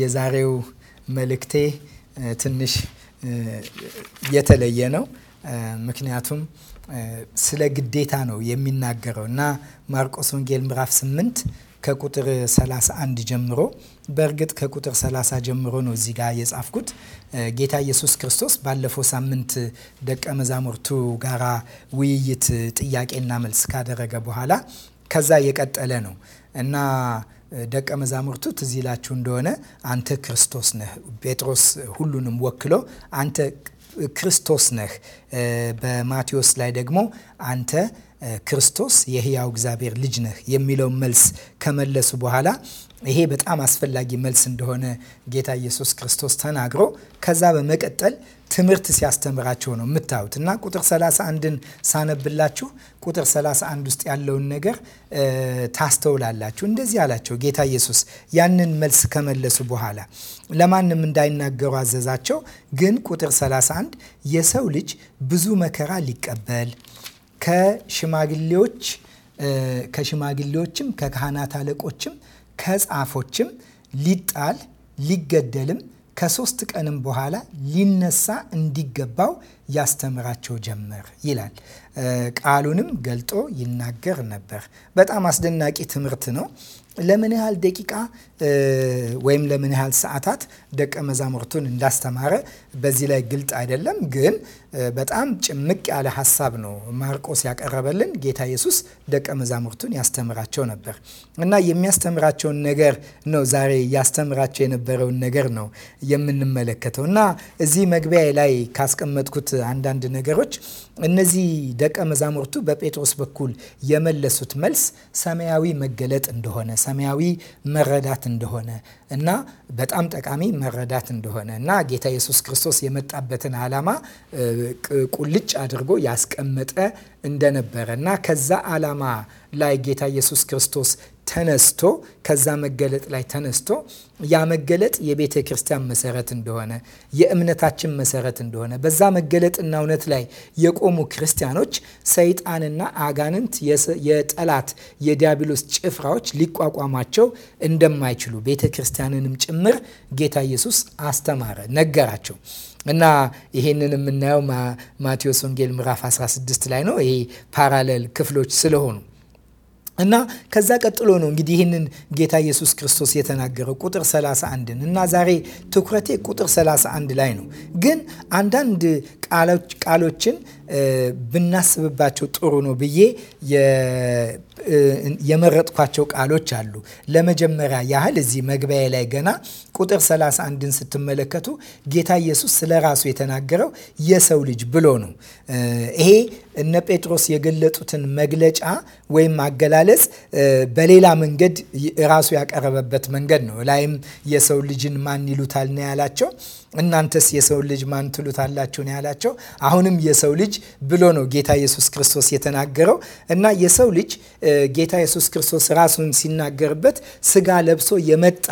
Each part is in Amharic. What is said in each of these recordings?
የዛሬው መልእክቴ ትንሽ የተለየ ነው። ምክንያቱም ስለ ግዴታ ነው የሚናገረው እና ማርቆስ ወንጌል ምዕራፍ 8 ከቁጥር 31 ጀምሮ በእርግጥ ከቁጥር 30 ጀምሮ ነው እዚህ ጋር የጻፍኩት። ጌታ ኢየሱስ ክርስቶስ ባለፈው ሳምንት ደቀ መዛሙርቱ ጋራ ውይይት ጥያቄና መልስ ካደረገ በኋላ ከዛ የቀጠለ ነው እና ደቀ መዛሙርቱ ትዝ ይላችሁ እንደሆነ አንተ ክርስቶስ ነህ፣ ጴጥሮስ ሁሉንም ወክሎ አንተ ክርስቶስ ነህ፣ በማቴዎስ ላይ ደግሞ አንተ ክርስቶስ የህያው እግዚአብሔር ልጅ ነህ የሚለውን መልስ ከመለሱ በኋላ ይሄ በጣም አስፈላጊ መልስ እንደሆነ ጌታ ኢየሱስ ክርስቶስ ተናግሮ ከዛ በመቀጠል ትምህርት ሲያስተምራቸው ነው የምታዩት እና ቁጥር 31ን ሳነብላችሁ ቁጥር 31 ውስጥ ያለውን ነገር ታስተውላላችሁ። እንደዚህ አላቸው ጌታ ኢየሱስ ያንን መልስ ከመለሱ በኋላ ለማንም እንዳይናገሩ አዘዛቸው። ግን ቁጥር 31 የሰው ልጅ ብዙ መከራ ሊቀበል ከሽማግሌዎች ከሽማግሌዎችም ከካህናት አለቆችም ከጻፎችም ሊጣል ሊገደልም ከሶስት ቀንም በኋላ ሊነሳ እንዲገባው ያስተምራቸው ጀመር ይላል። ቃሉንም ገልጦ ይናገር ነበር። በጣም አስደናቂ ትምህርት ነው። ለምን ያህል ደቂቃ ወይም ለምን ያህል ሰዓታት ደቀ መዛሙርቱን እንዳስተማረ በዚህ ላይ ግልጥ አይደለም። ግን በጣም ጭምቅ ያለ ሀሳብ ነው ማርቆስ ያቀረበልን። ጌታ ኢየሱስ ደቀ መዛሙርቱን ያስተምራቸው ነበር እና የሚያስተምራቸውን ነገር ነው ዛሬ ያስተምራቸው የነበረውን ነገር ነው የምንመለከተው እና እዚህ መግቢያ ላይ ካስቀመጥኩት አንዳንድ ነገሮች እነዚህ ደቀ መዛሙርቱ በጴጥሮስ በኩል የመለሱት መልስ ሰማያዊ መገለጥ እንደሆነ ሰማያዊ መረዳት እንደሆነ እና በጣም ጠቃሚ መረዳት እንደሆነ እና ጌታ ኢየሱስ ክርስቶስ የመጣበትን ዓላማ ቁልጭ አድርጎ ያስቀመጠ እንደነበረ እና ከዛ ዓላማ ላይ ጌታ ኢየሱስ ክርስቶስ ተነስቶ ከዛ መገለጥ ላይ ተነስቶ ያ መገለጥ የቤተ ክርስቲያን መሰረት እንደሆነ የእምነታችን መሰረት እንደሆነ በዛ መገለጥና እውነት ላይ የቆሙ ክርስቲያኖች ሰይጣንና አጋንንት የጠላት የዲያብሎስ ጭፍራዎች ሊቋቋማቸው እንደማይችሉ ቤተ ክርስቲያንንም ጭምር ጌታ ኢየሱስ አስተማረ፣ ነገራቸው። እና ይሄንን የምናየው ማቴዎስ ወንጌል ምዕራፍ 16 ላይ ነው። ይሄ ፓራሌል ክፍሎች ስለሆኑ እና ከዛ ቀጥሎ ነው እንግዲህ ይህንን ጌታ ኢየሱስ ክርስቶስ የተናገረው ቁጥር 31ን እና ዛሬ ትኩረቴ ቁጥር 31 ላይ ነው። ግን አንዳንድ ቃሎችን ብናስብባቸው ጥሩ ነው ብዬ የመረጥኳቸው ቃሎች አሉ። ለመጀመሪያ ያህል እዚህ መግቢያ ላይ ገና ቁጥር 31ን ስትመለከቱ ጌታ ኢየሱስ ስለ ራሱ የተናገረው የሰው ልጅ ብሎ ነው። ይሄ እነ ጴጥሮስ የገለጡትን መግለጫ ወይም አገላለጽ በሌላ መንገድ ራሱ ያቀረበበት መንገድ ነው። ላይም የሰው ልጅን ማን ይሉታል ነው ያላቸው እናንተስ የሰው ልጅ ማን ትሉታላችሁ ነው ያላቸው። አሁንም የሰው ልጅ ብሎ ነው ጌታ ኢየሱስ ክርስቶስ የተናገረው እና የሰው ልጅ ጌታ ኢየሱስ ክርስቶስ ራሱን ሲናገርበት ስጋ ለብሶ የመጣ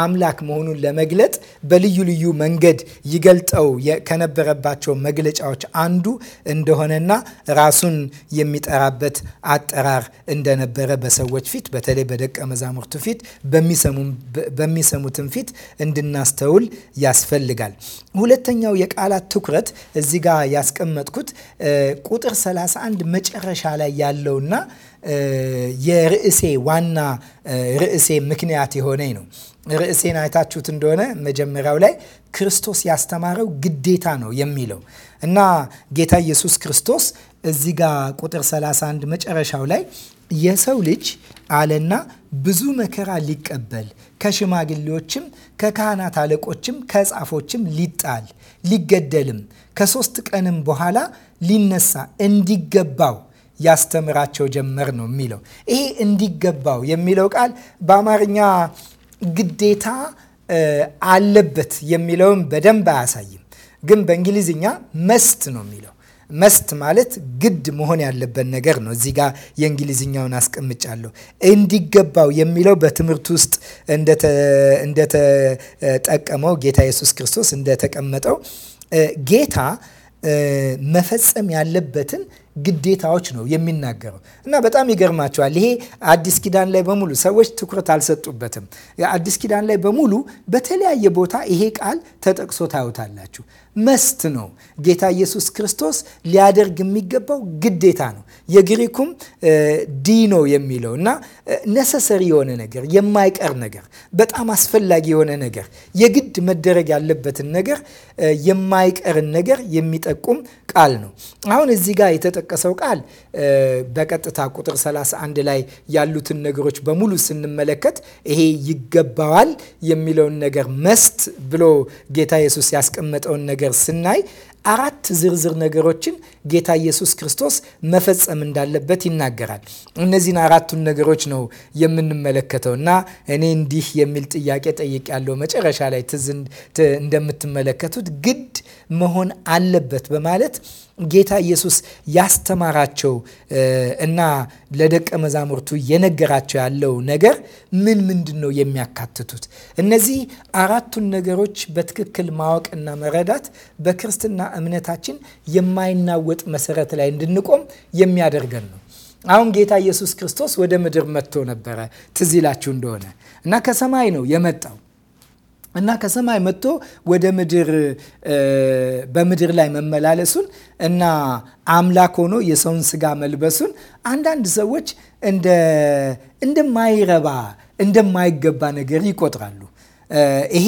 አምላክ መሆኑን ለመግለጥ በልዩ ልዩ መንገድ ይገልጠው ከነበረባቸው መግለጫዎች አንዱ እንደሆነና ራሱን የሚጠራበት አጠራር እንደነበረ በሰዎች ፊት በተለይ በደቀ መዛሙርቱ ፊት በሚሰሙትም ፊት እንድናስተውል ያስፈልጋል። ይፈልጋል። ሁለተኛው የቃላት ትኩረት እዚህ ጋር ያስቀመጥኩት ቁጥር 31 መጨረሻ ላይ ያለውና የርዕሴ ዋና ርዕሴ ምክንያት የሆነኝ ነው። ርዕሴን አይታችሁት እንደሆነ መጀመሪያው ላይ ክርስቶስ ያስተማረው ግዴታ ነው የሚለው እና ጌታ ኢየሱስ ክርስቶስ እዚህ ጋር ቁጥር 31 መጨረሻው ላይ የሰው ልጅ አለና ብዙ መከራ ሊቀበል ከሽማግሌዎችም ከካህናት አለቆችም ከጻፎችም ሊጣል ሊገደልም ከሶስት ቀንም በኋላ ሊነሳ እንዲገባው ያስተምራቸው ጀመር ነው የሚለው። ይሄ እንዲገባው የሚለው ቃል በአማርኛ ግዴታ አለበት የሚለውን በደንብ አያሳይም፣ ግን በእንግሊዝኛ መስት ነው የሚለው መስት ማለት ግድ መሆን ያለበት ነገር ነው። እዚህ ጋር የእንግሊዝኛውን አስቀምጫለሁ። እንዲገባው የሚለው በትምህርት ውስጥ እንደተጠቀመው ጌታ ኢየሱስ ክርስቶስ እንደተቀመጠው ጌታ መፈጸም ያለበትን ግዴታዎች ነው የሚናገረው እና በጣም ይገርማቸዋል። ይሄ አዲስ ኪዳን ላይ በሙሉ ሰዎች ትኩረት አልሰጡበትም። አዲስ ኪዳን ላይ በሙሉ በተለያየ ቦታ ይሄ ቃል ተጠቅሶ ታዩታላችሁ። መስት ነው። ጌታ ኢየሱስ ክርስቶስ ሊያደርግ የሚገባው ግዴታ ነው። የግሪኩም ዲኖ የሚለው እና ነሰሰሪ የሆነ ነገር፣ የማይቀር ነገር፣ በጣም አስፈላጊ የሆነ ነገር፣ የግድ መደረግ ያለበትን ነገር፣ የማይቀርን ነገር የሚጠቁም ቃል ነው። አሁን እዚህ ጋር የተጠቀሰው ቃል በቀጥታ ቁጥር 31 ላይ ያሉትን ነገሮች በሙሉ ስንመለከት ይሄ ይገባዋል የሚለውን ነገር መስት ብሎ ጌታ ኢየሱስ ያስቀመጠውን ነገር ነገር ስናይ አራት ዝርዝር ነገሮችን ጌታ ኢየሱስ ክርስቶስ መፈጸም እንዳለበት ይናገራል። እነዚህን አራቱን ነገሮች ነው የምንመለከተው እና እኔ እንዲህ የሚል ጥያቄ ያለው መጨረሻ ላይ ትዝ እንደምትመለከቱት ግድ መሆን አለበት በማለት ጌታ ኢየሱስ ያስተማራቸው እና ለደቀ መዛሙርቱ የነገራቸው ያለው ነገር ምን ምንድን ነው የሚያካትቱት? እነዚህ አራቱን ነገሮች በትክክል ማወቅና መረዳት በክርስትና እምነታችን የማይናወጥ መሰረት ላይ እንድንቆም የሚያደርገን ነው። አሁን ጌታ ኢየሱስ ክርስቶስ ወደ ምድር መጥቶ ነበረ፣ ትዝ ይላችሁ እንደሆነ እና ከሰማይ ነው የመጣው እና ከሰማይ መጥቶ ወደ ምድር በምድር ላይ መመላለሱን እና አምላክ ሆኖ የሰውን ስጋ መልበሱን አንዳንድ ሰዎች እንደማይረባ እንደማይገባ ነገር ይቆጥራሉ። ይሄ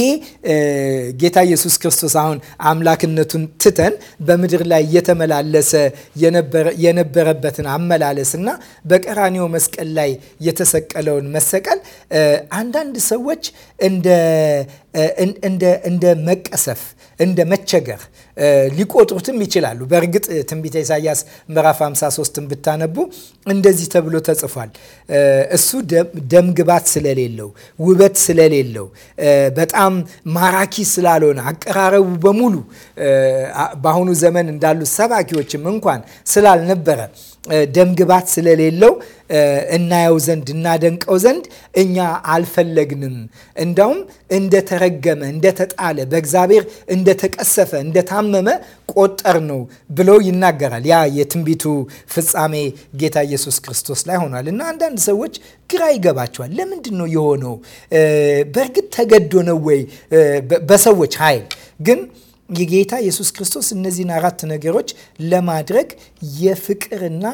ጌታ ኢየሱስ ክርስቶስ አሁን አምላክነቱን ትተን በምድር ላይ እየተመላለሰ የነበረበትን አመላለስ እና በቀራኒው መስቀል ላይ የተሰቀለውን መሰቀል አንዳንድ ሰዎች እንደ መቀሰፍ እንደ መቸገር ሊቆጥሩትም ይችላሉ። በእርግጥ ትንቢተ ኢሳያስ ምዕራፍ 53ን ብታነቡ እንደዚህ ተብሎ ተጽፏል። እሱ ደም ግባት ስለሌለው፣ ውበት ስለሌለው፣ በጣም ማራኪ ስላልሆነ አቀራረቡ በሙሉ በአሁኑ ዘመን እንዳሉት ሰባኪዎችም እንኳን ስላልነበረ ደምግባት ስለሌለው እናየው ዘንድ እናደንቀው ዘንድ እኛ አልፈለግንም። እንዳውም እንደተረገመ፣ እንደተጣለ፣ በእግዚአብሔር እንደተቀሰፈ፣ እንደታመመ ቆጠር ነው ብለው ይናገራል። ያ የትንቢቱ ፍጻሜ ጌታ ኢየሱስ ክርስቶስ ላይ ሆኗል እና አንዳንድ ሰዎች ግራ ይገባቸዋል። ለምንድን ነው የሆነው? በእርግጥ ተገዶ ነው ወይ በሰዎች ኃይል ግን የጌታ ኢየሱስ ክርስቶስ እነዚህን አራት ነገሮች ለማድረግ የፍቅርና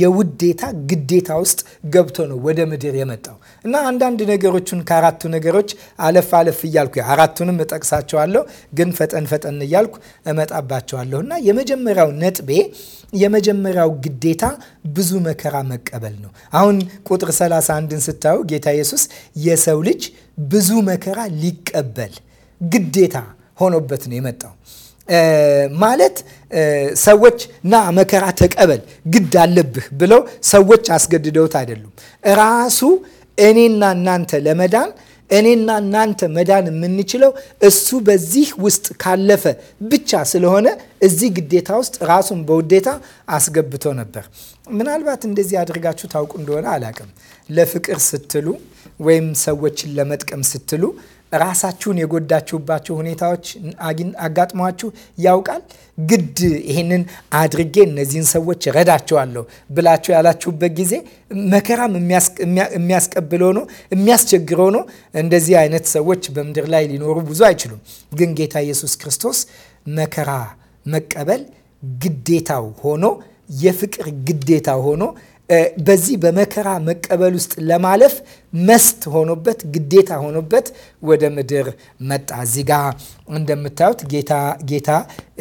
የውዴታ ግዴታ ውስጥ ገብቶ ነው ወደ ምድር የመጣው እና አንዳንድ ነገሮቹን ከአራቱ ነገሮች አለፍ አለፍ እያልኩ አራቱንም እጠቅሳቸዋለሁ፣ ግን ፈጠን ፈጠን እያልኩ እመጣባቸዋለሁ እና የመጀመሪያው ነጥቤ የመጀመሪያው ግዴታ ብዙ መከራ መቀበል ነው። አሁን ቁጥር 31ን ስታዩ ጌታ ኢየሱስ የሰው ልጅ ብዙ መከራ ሊቀበል ግዴታ ሆኖበት ነው የመጣው። ማለት ሰዎች ና መከራ ተቀበል ግድ አለብህ ብለው ሰዎች አስገድደውት አይደሉም። ራሱ እኔና እናንተ ለመዳን እኔና እናንተ መዳን የምንችለው እሱ በዚህ ውስጥ ካለፈ ብቻ ስለሆነ እዚህ ግዴታ ውስጥ ራሱን በውዴታ አስገብቶ ነበር። ምናልባት እንደዚህ አድርጋችሁ ታውቁ እንደሆነ አላቅም። ለፍቅር ስትሉ ወይም ሰዎችን ለመጥቀም ስትሉ ራሳችሁን የጎዳችሁባቸው ሁኔታዎች አጋጥሟችሁ ያውቃል? ግድ ይህንን አድርጌ እነዚህን ሰዎች ረዳቸዋለሁ ብላችሁ ያላችሁበት ጊዜ መከራም የሚያስቀብለው ነው፣ የሚያስቸግረው ነው። እንደዚህ አይነት ሰዎች በምድር ላይ ሊኖሩ ብዙ አይችሉም። ግን ጌታ ኢየሱስ ክርስቶስ መከራ መቀበል ግዴታው ሆኖ የፍቅር ግዴታ ሆኖ በዚህ በመከራ መቀበል ውስጥ ለማለፍ መስት ሆኖበት ግዴታ ሆኖበት ወደ ምድር መጣ። እዚህ ጋ እንደምታዩት ጌታ ጌታ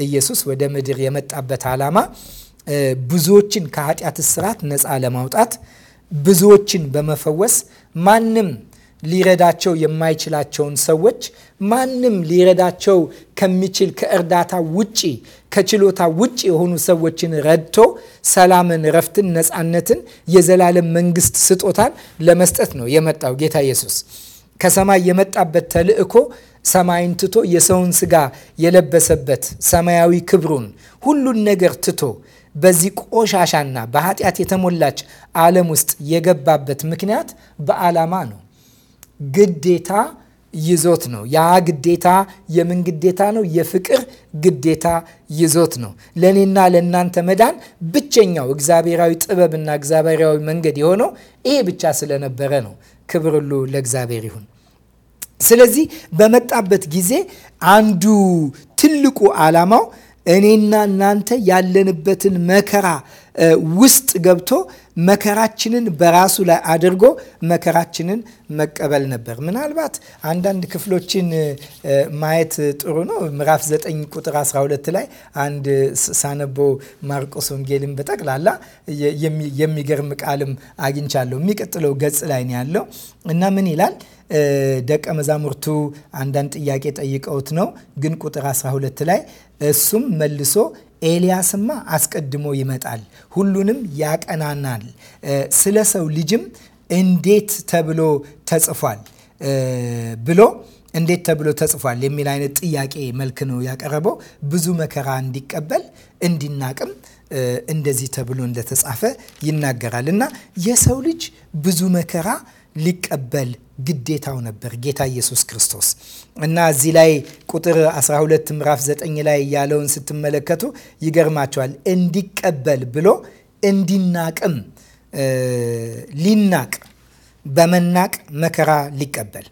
ኢየሱስ ወደ ምድር የመጣበት ዓላማ ብዙዎችን ከኃጢአት እስራት ነፃ ለማውጣት ብዙዎችን በመፈወስ ማንም ሊረዳቸው የማይችላቸውን ሰዎች ማንም ሊረዳቸው ከሚችል ከእርዳታ ውጪ ከችሎታ ውጪ የሆኑ ሰዎችን ረድቶ ሰላምን፣ ረፍትን፣ ነፃነትን፣ የዘላለም መንግስት ስጦታን ለመስጠት ነው የመጣው ጌታ ኢየሱስ ከሰማይ የመጣበት ተልእኮ ሰማይን ትቶ የሰውን ስጋ የለበሰበት ሰማያዊ ክብሩን ሁሉን ነገር ትቶ በዚህ ቆሻሻና በኃጢአት የተሞላች ዓለም ውስጥ የገባበት ምክንያት በዓላማ ነው። ግዴታ ይዞት ነው። ያ ግዴታ የምን ግዴታ ነው? የፍቅር ግዴታ ይዞት ነው። ለእኔና ለእናንተ መዳን ብቸኛው እግዚአብሔራዊ ጥበብና እግዚአብሔራዊ መንገድ የሆነው ይሄ ብቻ ስለነበረ ነው። ክብር ሁሉ ለእግዚአብሔር ይሁን። ስለዚህ በመጣበት ጊዜ አንዱ ትልቁ ዓላማው እኔና እናንተ ያለንበትን መከራ ውስጥ ገብቶ መከራችንን በራሱ ላይ አድርጎ መከራችንን መቀበል ነበር። ምናልባት አንዳንድ ክፍሎችን ማየት ጥሩ ነው። ምዕራፍ 9 ቁጥር 12 ላይ አንድ ሳነቦ ማርቆስ ወንጌልን በጠቅላላ የሚገርም ቃልም አግኝቻለሁ። የሚቀጥለው ገጽ ላይ ነው ያለው እና ምን ይላል? ደቀ መዛሙርቱ አንዳንድ ጥያቄ ጠይቀውት ነው፣ ግን ቁጥር 12 ላይ እሱም መልሶ ኤልያስማ አስቀድሞ ይመጣል፣ ሁሉንም ያቀናናል። ስለ ሰው ልጅም እንዴት ተብሎ ተጽፏል ብሎ እንዴት ተብሎ ተጽፏል የሚል አይነት ጥያቄ መልክ ነው ያቀረበው። ብዙ መከራ እንዲቀበል እንዲናቅም እንደዚህ ተብሎ እንደተጻፈ ይናገራል እና የሰው ልጅ ብዙ መከራ ሊቀበል ግዴታው ነበር ጌታ ኢየሱስ ክርስቶስ እና እዚህ ላይ ቁጥር 12 ምዕራፍ 9 ላይ ያለውን ስትመለከቱ ይገርማቸዋል። እንዲቀበል ብሎ እንዲናቅም ሊናቅ በመናቅ መከራ ሊቀበል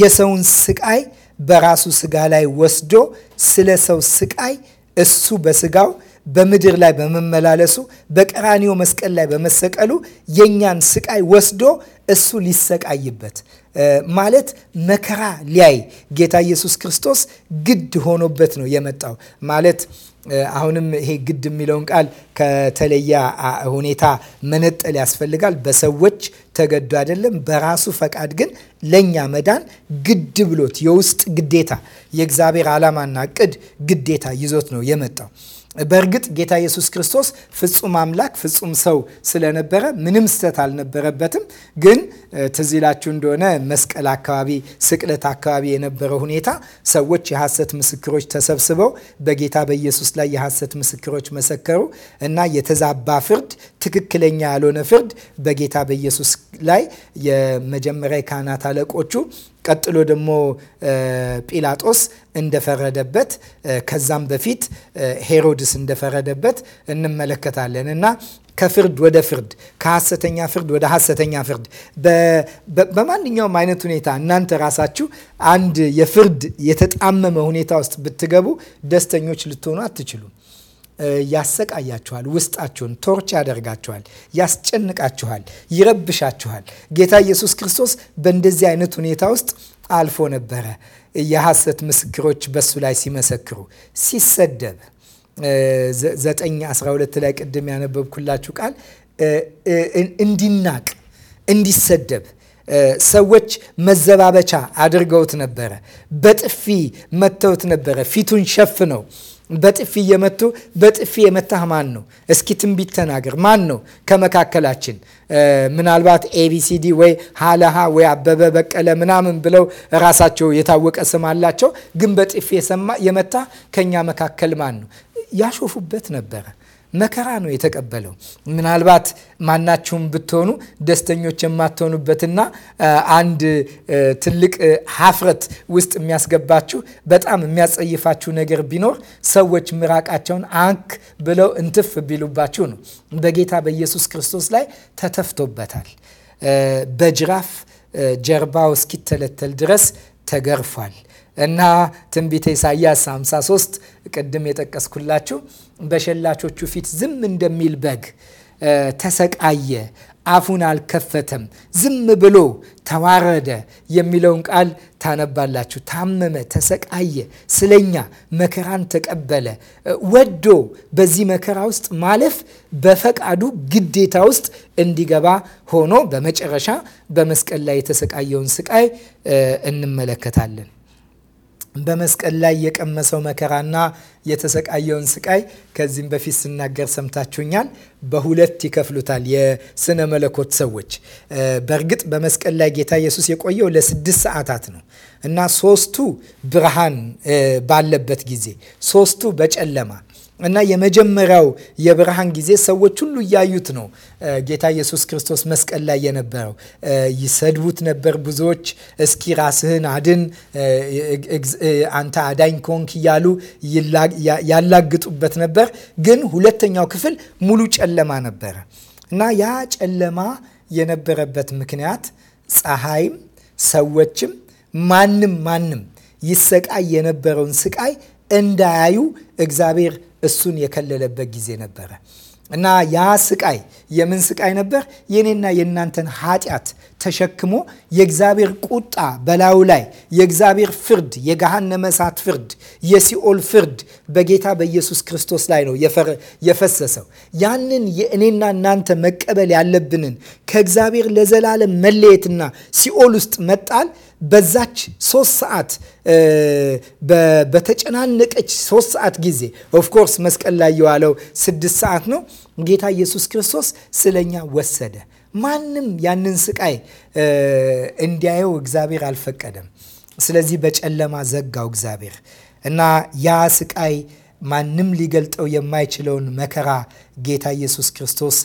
የሰውን ስቃይ በራሱ ስጋ ላይ ወስዶ ስለ ሰው ስቃይ እሱ በስጋው በምድር ላይ በመመላለሱ በቀራኒዮ መስቀል ላይ በመሰቀሉ የእኛን ስቃይ ወስዶ እሱ ሊሰቃይበት ማለት መከራ ሊያይ ጌታ ኢየሱስ ክርስቶስ ግድ ሆኖበት ነው የመጣው ማለት አሁንም ይሄ ግድ የሚለውን ቃል ከተለየ ሁኔታ መነጠል ያስፈልጋል። በሰዎች ተገዶ አይደለም፣ በራሱ ፈቃድ ግን ለእኛ መዳን ግድ ብሎት የውስጥ ግዴታ የእግዚአብሔር ዓላማና ቅድ ግዴታ ይዞት ነው የመጣው። በእርግጥ ጌታ ኢየሱስ ክርስቶስ ፍጹም አምላክ ፍጹም ሰው ስለነበረ ምንም ስህተት አልነበረበትም። ግን ትዝ ይላችሁ እንደሆነ መስቀል አካባቢ፣ ስቅለት አካባቢ የነበረው ሁኔታ ሰዎች የሐሰት ምስክሮች ተሰብስበው በጌታ በኢየሱስ ላይ የሐሰት ምስክሮች መሰከሩ እና የተዛባ ፍርድ ትክክለኛ ያልሆነ ፍርድ በጌታ በኢየሱስ ላይ የመጀመሪያ የካህናት አለቆቹ ቀጥሎ ደግሞ ጲላጦስ እንደፈረደበት ከዛም በፊት ሄሮድስ እንደፈረደበት እንመለከታለን እና ከፍርድ ወደ ፍርድ ከሐሰተኛ ፍርድ ወደ ሐሰተኛ ፍርድ በማንኛውም አይነት ሁኔታ እናንተ ራሳችሁ አንድ የፍርድ የተጣመመ ሁኔታ ውስጥ ብትገቡ ደስተኞች ልትሆኑ አትችሉም። ያሰቃያችኋል፣ ውስጣችሁን ቶርች ያደርጋችኋል፣ ያስጨንቃችኋል፣ ይረብሻችኋል። ጌታ ኢየሱስ ክርስቶስ በእንደዚህ አይነት ሁኔታ ውስጥ አልፎ ነበረ። የሐሰት ምስክሮች በሱ ላይ ሲመሰክሩ፣ ሲሰደብ ዘጠኝ 12 ላይ ቅድም ያነበብኩላችሁ ቃል እንዲናቅ፣ እንዲሰደብ ሰዎች መዘባበቻ አድርገውት ነበረ። በጥፊ መተውት ነበረ። ፊቱን ሸፍነው በጥፊ እየመቱ በጥፊ የመታህ ማን ነው? እስኪ ትንቢት ተናገር። ማን ነው ከመካከላችን? ምናልባት ኤቢሲዲ ወይ ሀለሃ ወይ አበበ በቀለ ምናምን ብለው ራሳቸው የታወቀ ስም አላቸው። ግን በጥፊ የመታ ከኛ መካከል ማን ነው? ያሾፉበት ነበረ። መከራ ነው የተቀበለው። ምናልባት ማናችሁም ብትሆኑ ደስተኞች የማትሆኑበትና አንድ ትልቅ ሀፍረት ውስጥ የሚያስገባችሁ በጣም የሚያጸይፋችሁ ነገር ቢኖር ሰዎች ምራቃቸውን አንክ ብለው እንትፍ ቢሉባችሁ ነው። በጌታ በኢየሱስ ክርስቶስ ላይ ተተፍቶበታል። በጅራፍ ጀርባው እስኪተለተል ድረስ ተገርፏል እና ትንቢተ ኢሳያስ 53 ቅድም የጠቀስኩላችሁ በሸላቾቹ ፊት ዝም እንደሚል በግ ተሰቃየ፣ አፉን አልከፈተም፣ ዝም ብሎ ተዋረደ የሚለውን ቃል ታነባላችሁ። ታመመ፣ ተሰቃየ፣ ስለኛ መከራን ተቀበለ። ወዶ በዚህ መከራ ውስጥ ማለፍ በፈቃዱ ግዴታ ውስጥ እንዲገባ ሆኖ በመጨረሻ በመስቀል ላይ የተሰቃየውን ስቃይ እንመለከታለን። በመስቀል ላይ የቀመሰው መከራና የተሰቃየውን ስቃይ ከዚህም በፊት ስናገር ሰምታችሁኛል። በሁለት ይከፍሉታል የስነ መለኮት ሰዎች። በእርግጥ በመስቀል ላይ ጌታ ኢየሱስ የቆየው ለስድስት ሰዓታት ነው እና ሶስቱ ብርሃን ባለበት ጊዜ፣ ሶስቱ በጨለማ እና የመጀመሪያው የብርሃን ጊዜ ሰዎች ሁሉ እያዩት ነው። ጌታ ኢየሱስ ክርስቶስ መስቀል ላይ የነበረው ይሰድቡት ነበር ብዙዎች። እስኪ ራስህን አድን አንተ አዳኝ ኮንክ እያሉ ያላግጡበት ነበር። ግን ሁለተኛው ክፍል ሙሉ ጨለማ ነበረ እና ያ ጨለማ የነበረበት ምክንያት ፀሐይም ሰዎችም ማንም ማንም ይሰቃይ የነበረውን ስቃይ እንዳያዩ እግዚአብሔር እሱን የከለለበት ጊዜ ነበረ እና ያ ስቃይ የምን ስቃይ ነበር? የኔና የእናንተን ኃጢአት ተሸክሞ የእግዚአብሔር ቁጣ በላዩ ላይ የእግዚአብሔር ፍርድ፣ የገሃነመ እሳት ፍርድ፣ የሲኦል ፍርድ በጌታ በኢየሱስ ክርስቶስ ላይ ነው የፈሰሰው። ያንን የእኔና እናንተ መቀበል ያለብንን ከእግዚአብሔር ለዘላለም መለየትና ሲኦል ውስጥ መጣል በዛች ሶስት ሰዓት በተጨናነቀች ሶስት ሰዓት ጊዜ ኦፍኮርስ መስቀል ላይ የዋለው ስድስት ሰዓት ነው ጌታ ኢየሱስ ክርስቶስ ስለኛ ወሰደ። ማንም ያንን ስቃይ እንዲያየው እግዚአብሔር አልፈቀደም። ስለዚህ በጨለማ ዘጋው እግዚአብሔር እና ያ ስቃይ ማንም ሊገልጠው የማይችለውን መከራ ጌታ ኢየሱስ ክርስቶስ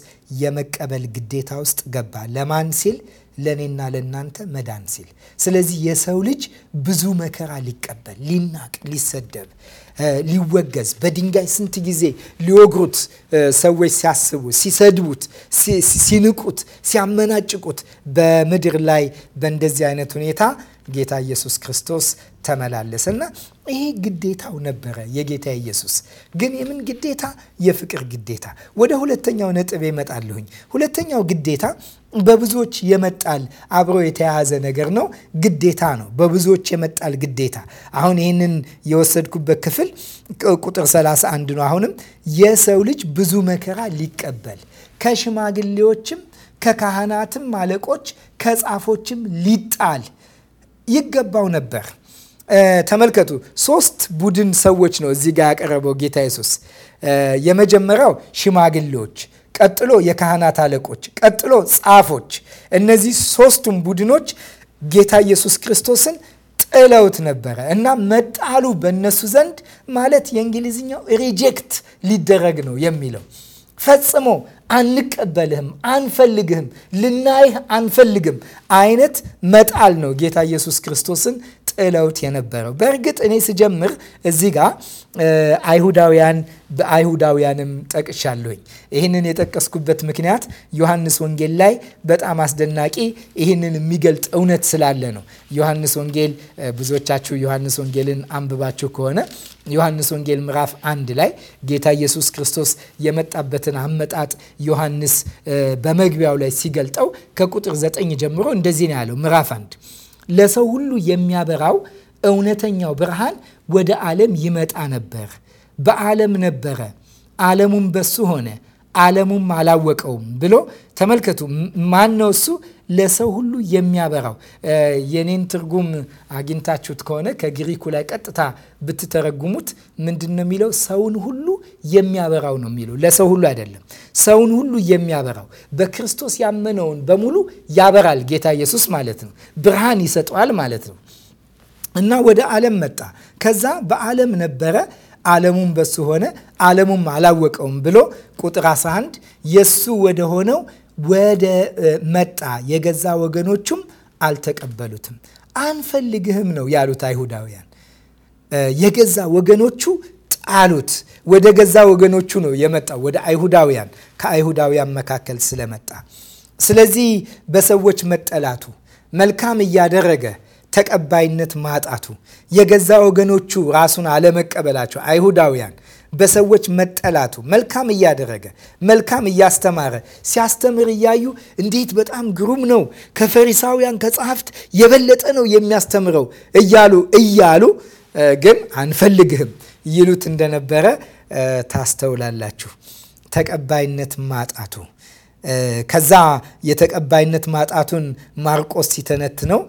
የመቀበል ግዴታ ውስጥ ገባ። ለማን ሲል? ለእኔና ለእናንተ መዳን ሲል። ስለዚህ የሰው ልጅ ብዙ መከራ ሊቀበል፣ ሊናቅ፣ ሊሰደብ ሊወገዝ በድንጋይ ስንት ጊዜ ሊወግሩት ሰዎች ሲያስቡ፣ ሲሰድቡት፣ ሲንቁት፣ ሲያመናጭቁት በምድር ላይ በእንደዚህ አይነት ሁኔታ ጌታ ኢየሱስ ክርስቶስ ተመላለሰ እና ይሄ ግዴታው ነበረ የጌታ ኢየሱስ ግን የምን ግዴታ? የፍቅር ግዴታ። ወደ ሁለተኛው ነጥብ እመጣለሁኝ። ሁለተኛው ግዴታ በብዙዎች የመጣል አብሮ የተያያዘ ነገር ነው። ግዴታ ነው። በብዙዎች የመጣል ግዴታ። አሁን ይህንን የወሰድኩበት ክፍል ቁጥር 31 ነው። አሁንም የሰው ልጅ ብዙ መከራ ሊቀበል ከሽማግሌዎችም ከካህናትም አለቆች ከጻፎችም ሊጣል ይገባው ነበር። ተመልከቱ፣ ሶስት ቡድን ሰዎች ነው እዚህ ጋር ያቀረበው ጌታ ኢየሱስ። የመጀመሪያው ሽማግሌዎች ቀጥሎ የካህናት አለቆች፣ ቀጥሎ ጻፎች። እነዚህ ሶስቱም ቡድኖች ጌታ ኢየሱስ ክርስቶስን ጥለውት ነበረ እና መጣሉ በእነሱ ዘንድ ማለት የእንግሊዝኛው ሪጀክት ሊደረግ ነው የሚለው ፈጽሞ አንቀበልህም፣ አንፈልግህም፣ ልናይህ አንፈልግም አይነት መጣል ነው ጌታ ኢየሱስ ክርስቶስን ጥለውት የነበረው። በእርግጥ እኔ ስጀምር እዚህ ጋር አይሁዳውያን በአይሁዳውያንም ጠቅሻለሁኝ። ይህንን የጠቀስኩበት ምክንያት ዮሐንስ ወንጌል ላይ በጣም አስደናቂ ይህንን የሚገልጥ እውነት ስላለ ነው። ዮሐንስ ወንጌል ብዙዎቻችሁ ዮሐንስ ወንጌልን አንብባችሁ ከሆነ ዮሐንስ ወንጌል ምዕራፍ አንድ ላይ ጌታ ኢየሱስ ክርስቶስ የመጣበትን አመጣጥ ዮሐንስ በመግቢያው ላይ ሲገልጠው ከቁጥር ዘጠኝ ጀምሮ እንደዚህ ነው ያለው ምዕራፍ አንድ ለሰው ሁሉ የሚያበራው እውነተኛው ብርሃን ወደ ዓለም ይመጣ ነበር። በዓለም ነበረ፣ ዓለሙም በሱ ሆነ፣ ዓለሙም አላወቀውም ብሎ ተመልከቱ። ማን ነው እሱ? ለሰው ሁሉ የሚያበራው የኔን ትርጉም አግኝታችሁት ከሆነ ከግሪኩ ላይ ቀጥታ ብትተረጉሙት ምንድን ነው የሚለው? ሰውን ሁሉ የሚያበራው ነው የሚለው። ለሰው ሁሉ አይደለም፣ ሰውን ሁሉ የሚያበራው በክርስቶስ ያመነውን በሙሉ ያበራል ጌታ ኢየሱስ ማለት ነው። ብርሃን ይሰጠዋል ማለት ነው። እና ወደ ዓለም መጣ። ከዛ በዓለም ነበረ ዓለሙም በሱ ሆነ፣ ዓለሙም አላወቀውም ብሎ ቁጥር 11 የሱ ወደ ሆነው ወደ መጣ የገዛ ወገኖቹም አልተቀበሉትም። አንፈልግህም ነው ያሉት አይሁዳውያን። የገዛ ወገኖቹ ጣሉት። ወደ ገዛ ወገኖቹ ነው የመጣው፣ ወደ አይሁዳውያን ከአይሁዳውያን መካከል ስለመጣ። ስለዚህ በሰዎች መጠላቱ መልካም እያደረገ ተቀባይነት ማጣቱ የገዛ ወገኖቹ ራሱን አለመቀበላቸው አይሁዳውያን በሰዎች መጠላቱ መልካም እያደረገ መልካም እያስተማረ ሲያስተምር እያዩ እንዴት በጣም ግሩም ነው፣ ከፈሪሳውያን ከጸሐፍት የበለጠ ነው የሚያስተምረው እያሉ እያሉ ግን አንፈልግህም ይሉት እንደነበረ ታስተውላላችሁ። ተቀባይነት ማጣቱ ከዛ የተቀባይነት ማጣቱን ማርቆስ ሲተነትነው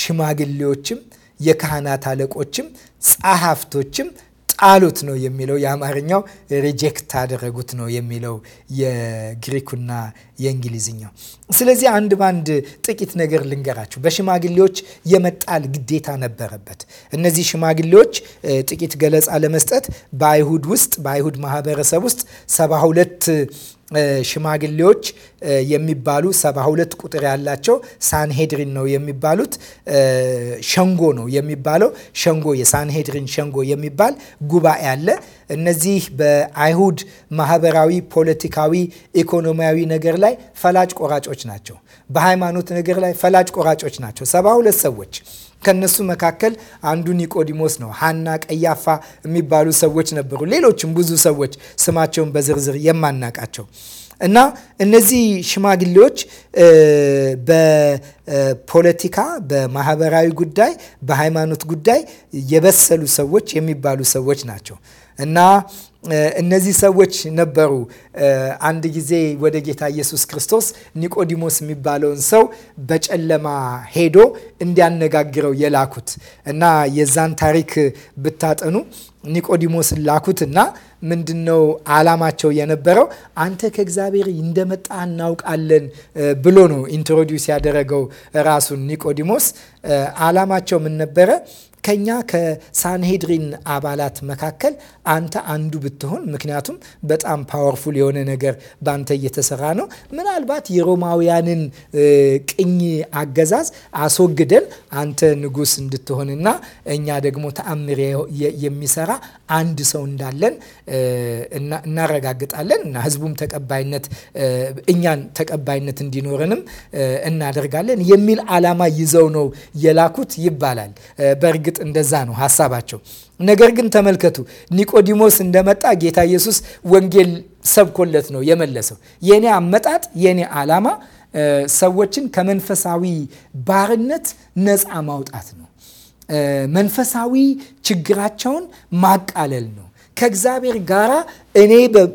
ሽማግሌዎችም የካህናት አለቆችም ጸሐፍቶችም ጣሉት ነው የሚለው የአማርኛው፣ ሪጀክት አደረጉት ነው የሚለው የግሪኩና የእንግሊዝኛው። ስለዚህ አንድ ባንድ ጥቂት ነገር ልንገራችሁ። በሽማግሌዎች የመጣል ግዴታ ነበረበት። እነዚህ ሽማግሌዎች ጥቂት ገለጻ ለመስጠት በአይሁድ ውስጥ በአይሁድ ማህበረሰብ ውስጥ ሰባ ሁለት ሽማግሌዎች የሚባሉ ሰባ ቁጥር ያላቸው ሳንሄድሪን ነው የሚባሉት። ሸንጎ ነው የሚባለው ሸንጎ የሳንሄድሪን ሸንጎ የሚባል ጉባኤ አለ። እነዚህ በአይሁድ ማህበራዊ፣ ፖለቲካዊ፣ ኢኮኖሚያዊ ነገር ላይ ፈላጭ ቆራጮች ናቸው። በሃይማኖት ነገር ላይ ፈላጭ ቆራጮች ናቸው። ሰባ ሁለት ሰዎች ከነሱ መካከል አንዱ ኒቆዲሞስ ነው። ሀና፣ ቀያፋ የሚባሉ ሰዎች ነበሩ። ሌሎችም ብዙ ሰዎች ስማቸውን በዝርዝር የማናቃቸው እና እነዚህ ሽማግሌዎች በፖለቲካ፣ በማህበራዊ ጉዳይ፣ በሃይማኖት ጉዳይ የበሰሉ ሰዎች የሚባሉ ሰዎች ናቸው። እና እነዚህ ሰዎች ነበሩ አንድ ጊዜ ወደ ጌታ ኢየሱስ ክርስቶስ ኒቆዲሞስ የሚባለውን ሰው በጨለማ ሄዶ እንዲያነጋግረው የላኩት እና የዛን ታሪክ ብታጠኑ ኒቆዲሞስን ላኩት እና ምንድን ነው የነበረው? አንተ ከእግዚአብሔር እንደመጣ እናውቃለን ብሎ ነው ኢንትሮዲውስ ያደረገው ራሱን ኒቆዲሞስ። አላማቸው ምን ነበረ? ከኛ ከሳንሄድሪን አባላት መካከል አንተ አንዱ ብትሆን፣ ምክንያቱም በጣም ፓወርፉል የሆነ ነገር በአንተ እየተሰራ ነው። ምናልባት የሮማውያንን ቅኝ አገዛዝ አስወግደን አንተ ንጉስ እንድትሆንና እኛ ደግሞ ተአምር የሚሰራ አንድ ሰው እንዳለን እናረጋግጣለን እና ህዝቡም ተቀባይነት እኛን ተቀባይነት እንዲኖረንም እናደርጋለን የሚል አላማ ይዘው ነው የላኩት ይባላል። በእርግጥ እንደዛ ነው ሀሳባቸው። ነገር ግን ተመልከቱ ኒቆዲሞስ እንደመጣ ጌታ ኢየሱስ ወንጌል ሰብኮለት ነው የመለሰው። የኔ አመጣጥ የኔ አላማ ሰዎችን ከመንፈሳዊ ባርነት ነፃ ማውጣት ነው። መንፈሳዊ ችግራቸውን ማቃለል ነው። ከእግዚአብሔር ጋር እኔ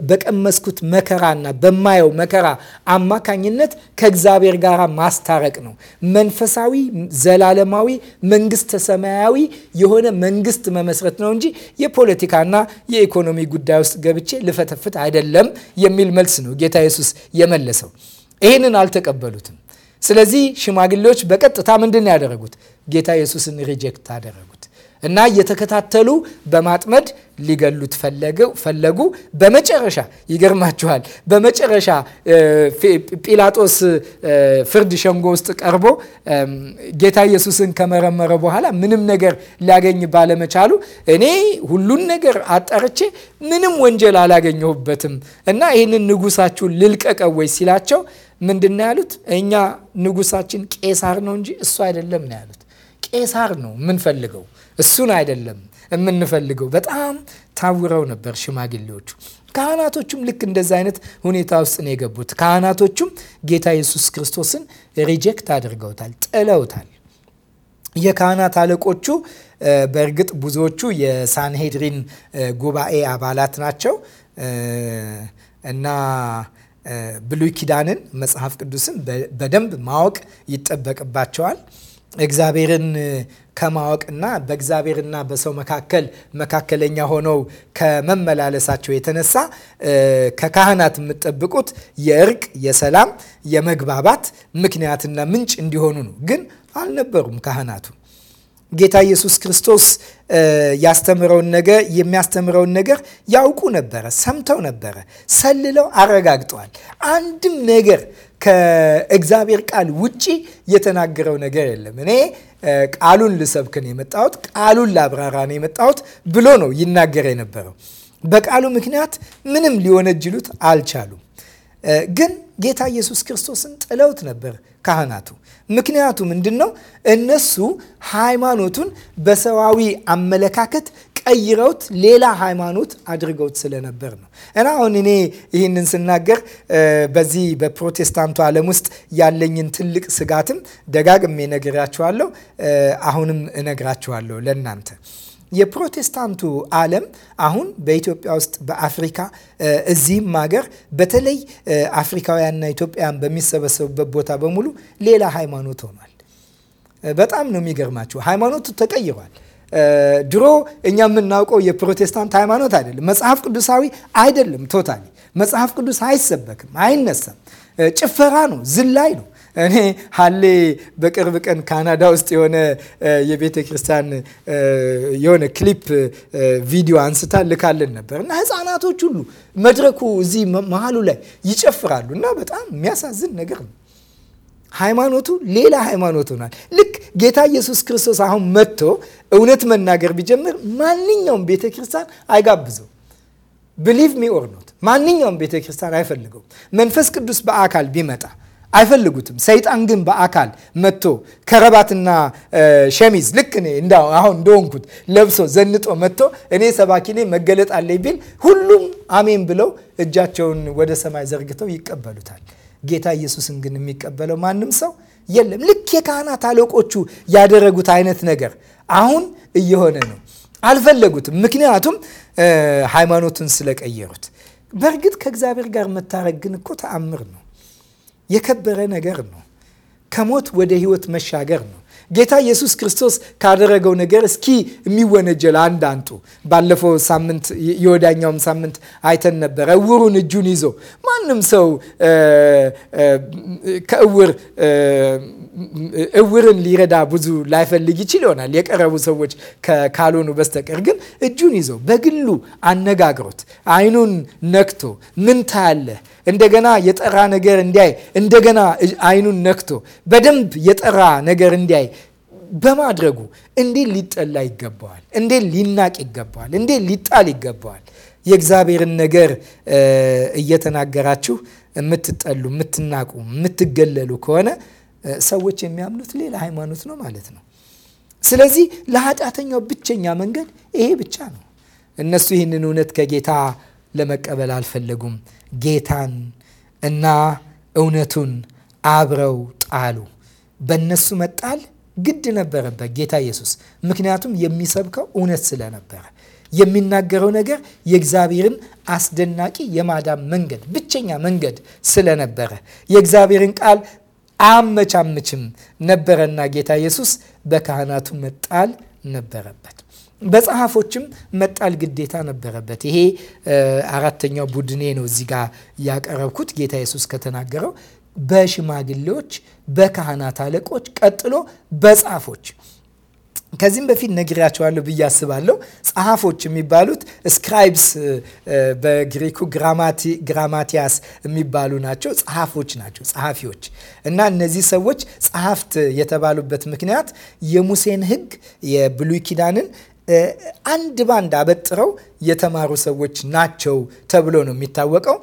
በቀመስኩት መከራና በማየው መከራ አማካኝነት ከእግዚአብሔር ጋር ማስታረቅ ነው። መንፈሳዊ ዘላለማዊ መንግስተ ሰማያዊ የሆነ መንግስት መመስረት ነው እንጂ የፖለቲካና የኢኮኖሚ ጉዳይ ውስጥ ገብቼ ልፈተፍት አይደለም የሚል መልስ ነው ጌታ ኢየሱስ የመለሰው። ይህንን አልተቀበሉትም። ስለዚህ ሽማግሌዎች በቀጥታ ምንድን ያደረጉት ጌታ ኢየሱስን ሪጀክት አደረጉት። እና እየተከታተሉ በማጥመድ ሊገሉት ፈለጉ። በመጨረሻ ይገርማችኋል፣ በመጨረሻ ጲላጦስ ፍርድ ሸንጎ ውስጥ ቀርቦ ጌታ ኢየሱስን ከመረመረ በኋላ ምንም ነገር ሊያገኝ ባለመቻሉ እኔ ሁሉን ነገር አጣርቼ ምንም ወንጀል አላገኘሁበትም እና ይህንን ንጉሳችሁን ልልቀቀው ወይ ሲላቸው ምንድን ነው ያሉት? እኛ ንጉሳችን ቄሳር ነው እንጂ እሱ አይደለም ነው ያሉት። ቄሳር ነው የምንፈልገው እሱን አይደለም የምንፈልገው። በጣም ታውረው ነበር ሽማግሌዎቹ። ካህናቶቹም ልክ እንደዛ አይነት ሁኔታ ውስጥ ነው የገቡት። ካህናቶቹም ጌታ ኢየሱስ ክርስቶስን ሪጀክት አድርገውታል፣ ጥለውታል። የካህናት አለቆቹ በእርግጥ ብዙዎቹ የሳንሄድሪን ጉባኤ አባላት ናቸው እና ብሉይ ኪዳንን መጽሐፍ ቅዱስን በደንብ ማወቅ ይጠበቅባቸዋል። እግዚአብሔርን ከማወቅና በእግዚአብሔርና በሰው መካከል መካከለኛ ሆነው ከመመላለሳቸው የተነሳ ከካህናት የምጠብቁት የእርቅ፣ የሰላም፣ የመግባባት ምክንያትና ምንጭ እንዲሆኑ ነው። ግን አልነበሩም ካህናቱ። ጌታ ኢየሱስ ክርስቶስ ያስተምረውን ነገር የሚያስተምረውን ነገር ያውቁ ነበረ፣ ሰምተው ነበረ፣ ሰልለው አረጋግጠዋል። አንድም ነገር ከእግዚአብሔር ቃል ውጪ የተናገረው ነገር የለም። እኔ ቃሉን ልሰብክን የመጣሁት ቃሉን ነው የመጣሁት ብሎ ነው ይናገር የነበረው። በቃሉ ምክንያት ምንም ሊወነጅሉት አልቻሉም። ግን ጌታ ኢየሱስ ክርስቶስን ጥለውት ነበር ካህናቱ። ምክንያቱ ምንድን ነው? እነሱ ሃይማኖቱን በሰዋዊ አመለካከት ቀይረውት ሌላ ሃይማኖት አድርገውት ስለነበር ነው። እና አሁን እኔ ይህንን ስናገር በዚህ በፕሮቴስታንቱ ዓለም ውስጥ ያለኝን ትልቅ ስጋትም ደጋግሜ ነግራችኋለሁ፣ አሁንም እነግራችኋለሁ ለእናንተ የፕሮቴስታንቱ ዓለም አሁን በኢትዮጵያ ውስጥ በአፍሪካ እዚህም ሀገር በተለይ አፍሪካውያንና ኢትዮጵያውያን በሚሰበሰቡበት ቦታ በሙሉ ሌላ ሃይማኖት ሆኗል። በጣም ነው የሚገርማችሁ። ሃይማኖቱ ተቀይሯል። ድሮ እኛ የምናውቀው የፕሮቴስታንት ሃይማኖት አይደለም። መጽሐፍ ቅዱሳዊ አይደለም። ቶታሊ መጽሐፍ ቅዱስ አይሰበክም፣ አይነሳም። ጭፈራ ነው፣ ዝላይ ነው እኔ ሀሌ በቅርብ ቀን ካናዳ ውስጥ የሆነ የቤተ ክርስቲያን የሆነ ክሊፕ ቪዲዮ አንስታ ልካልን ነበር እና ህፃናቶች ሁሉ መድረኩ እዚህ መሀሉ ላይ ይጨፍራሉ እና በጣም የሚያሳዝን ነገር ነው። ሃይማኖቱ ሌላ ሃይማኖት ሆኗል። ልክ ጌታ ኢየሱስ ክርስቶስ አሁን መጥቶ እውነት መናገር ቢጀምር ማንኛውም ቤተ ክርስቲያን አይጋብዘው ብሊቭ ሚ ኦር ኖት ማንኛውም ቤተ ክርስቲያን አይፈልገውም። መንፈስ ቅዱስ በአካል ቢመጣ አይፈልጉትም። ሰይጣን ግን በአካል መጥቶ ከረባትና ሸሚዝ ልክ አሁን እንደሆንኩት ለብሶ ዘንጦ መጥቶ እኔ ሰባኪ ነኝ መገለጥ አለኝ ቢል ሁሉም አሜን ብለው እጃቸውን ወደ ሰማይ ዘርግተው ይቀበሉታል። ጌታ ኢየሱስን ግን የሚቀበለው ማንም ሰው የለም። ልክ የካህናት አለቆቹ ያደረጉት አይነት ነገር አሁን እየሆነ ነው። አልፈለጉትም፣ ምክንያቱም ሃይማኖቱን ስለቀየሩት። በእርግጥ ከእግዚአብሔር ጋር መታረግ ግን እኮ ተአምር ነው። የከበረ ነገር ነው። ከሞት ወደ ህይወት መሻገር ነው። ጌታ ኢየሱስ ክርስቶስ ካደረገው ነገር እስኪ የሚወነጀል አንድ አንቱ ባለፈው ሳምንት የወዳኛውም ሳምንት አይተን ነበረ። እውሩን እጁን ይዞ ማንም ሰው ከእውር እውርን ሊረዳ ብዙ ላይፈልግ ይችል ይሆናል የቀረቡ ሰዎች ካልሆኑ በስተቀር ግን እጁን ይዞ በግሉ አነጋግሮት አይኑን ነክቶ ምን ታያለህ እንደገና የጠራ ነገር እንዲያይ እንደገና አይኑን ነክቶ በደንብ የጠራ ነገር እንዲያይ በማድረጉ እንዴት ሊጠላ ይገባዋል? እንዴት ሊናቅ ይገባዋል? እንዴት ሊጣል ይገባዋል? የእግዚአብሔርን ነገር እየተናገራችሁ የምትጠሉ፣ የምትናቁ፣ የምትገለሉ ከሆነ ሰዎች የሚያምኑት ሌላ ሃይማኖት ነው ማለት ነው። ስለዚህ ለኃጢአተኛው ብቸኛ መንገድ ይሄ ብቻ ነው። እነሱ ይህንን እውነት ከጌታ ለመቀበል አልፈለጉም። ጌታን እና እውነቱን አብረው ጣሉ። በእነሱ መጣል ግድ ነበረበት ጌታ ኢየሱስ። ምክንያቱም የሚሰብከው እውነት ስለነበረ የሚናገረው ነገር የእግዚአብሔርን አስደናቂ የማዳን መንገድ ብቸኛ መንገድ ስለነበረ የእግዚአብሔርን ቃል አመቻምችም ነበረና ጌታ ኢየሱስ በካህናቱ መጣል ነበረበት። በጸሐፎችም መጣል ግዴታ ነበረበት። ይሄ አራተኛው ቡድኔ ነው እዚህ ጋር ያቀረብኩት ጌታ ኢየሱስ ከተናገረው በሽማግሌዎች በካህናት አለቆች ቀጥሎ በጻፎች ከዚህም በፊት ነግሬያቸዋለሁ ብዬ አስባለሁ። ጸሐፎች የሚባሉት ስክራይብስ በግሪኩ ግራማቲያስ የሚባሉ ናቸው። ጸሐፎች ናቸው፣ ጸሐፊዎች እና እነዚህ ሰዎች ጸሐፍት የተባሉበት ምክንያት የሙሴን ሕግ የብሉይ ኪዳንን አንድ ባንድ አበጥረው የተማሩ ሰዎች ናቸው ተብሎ ነው የሚታወቀው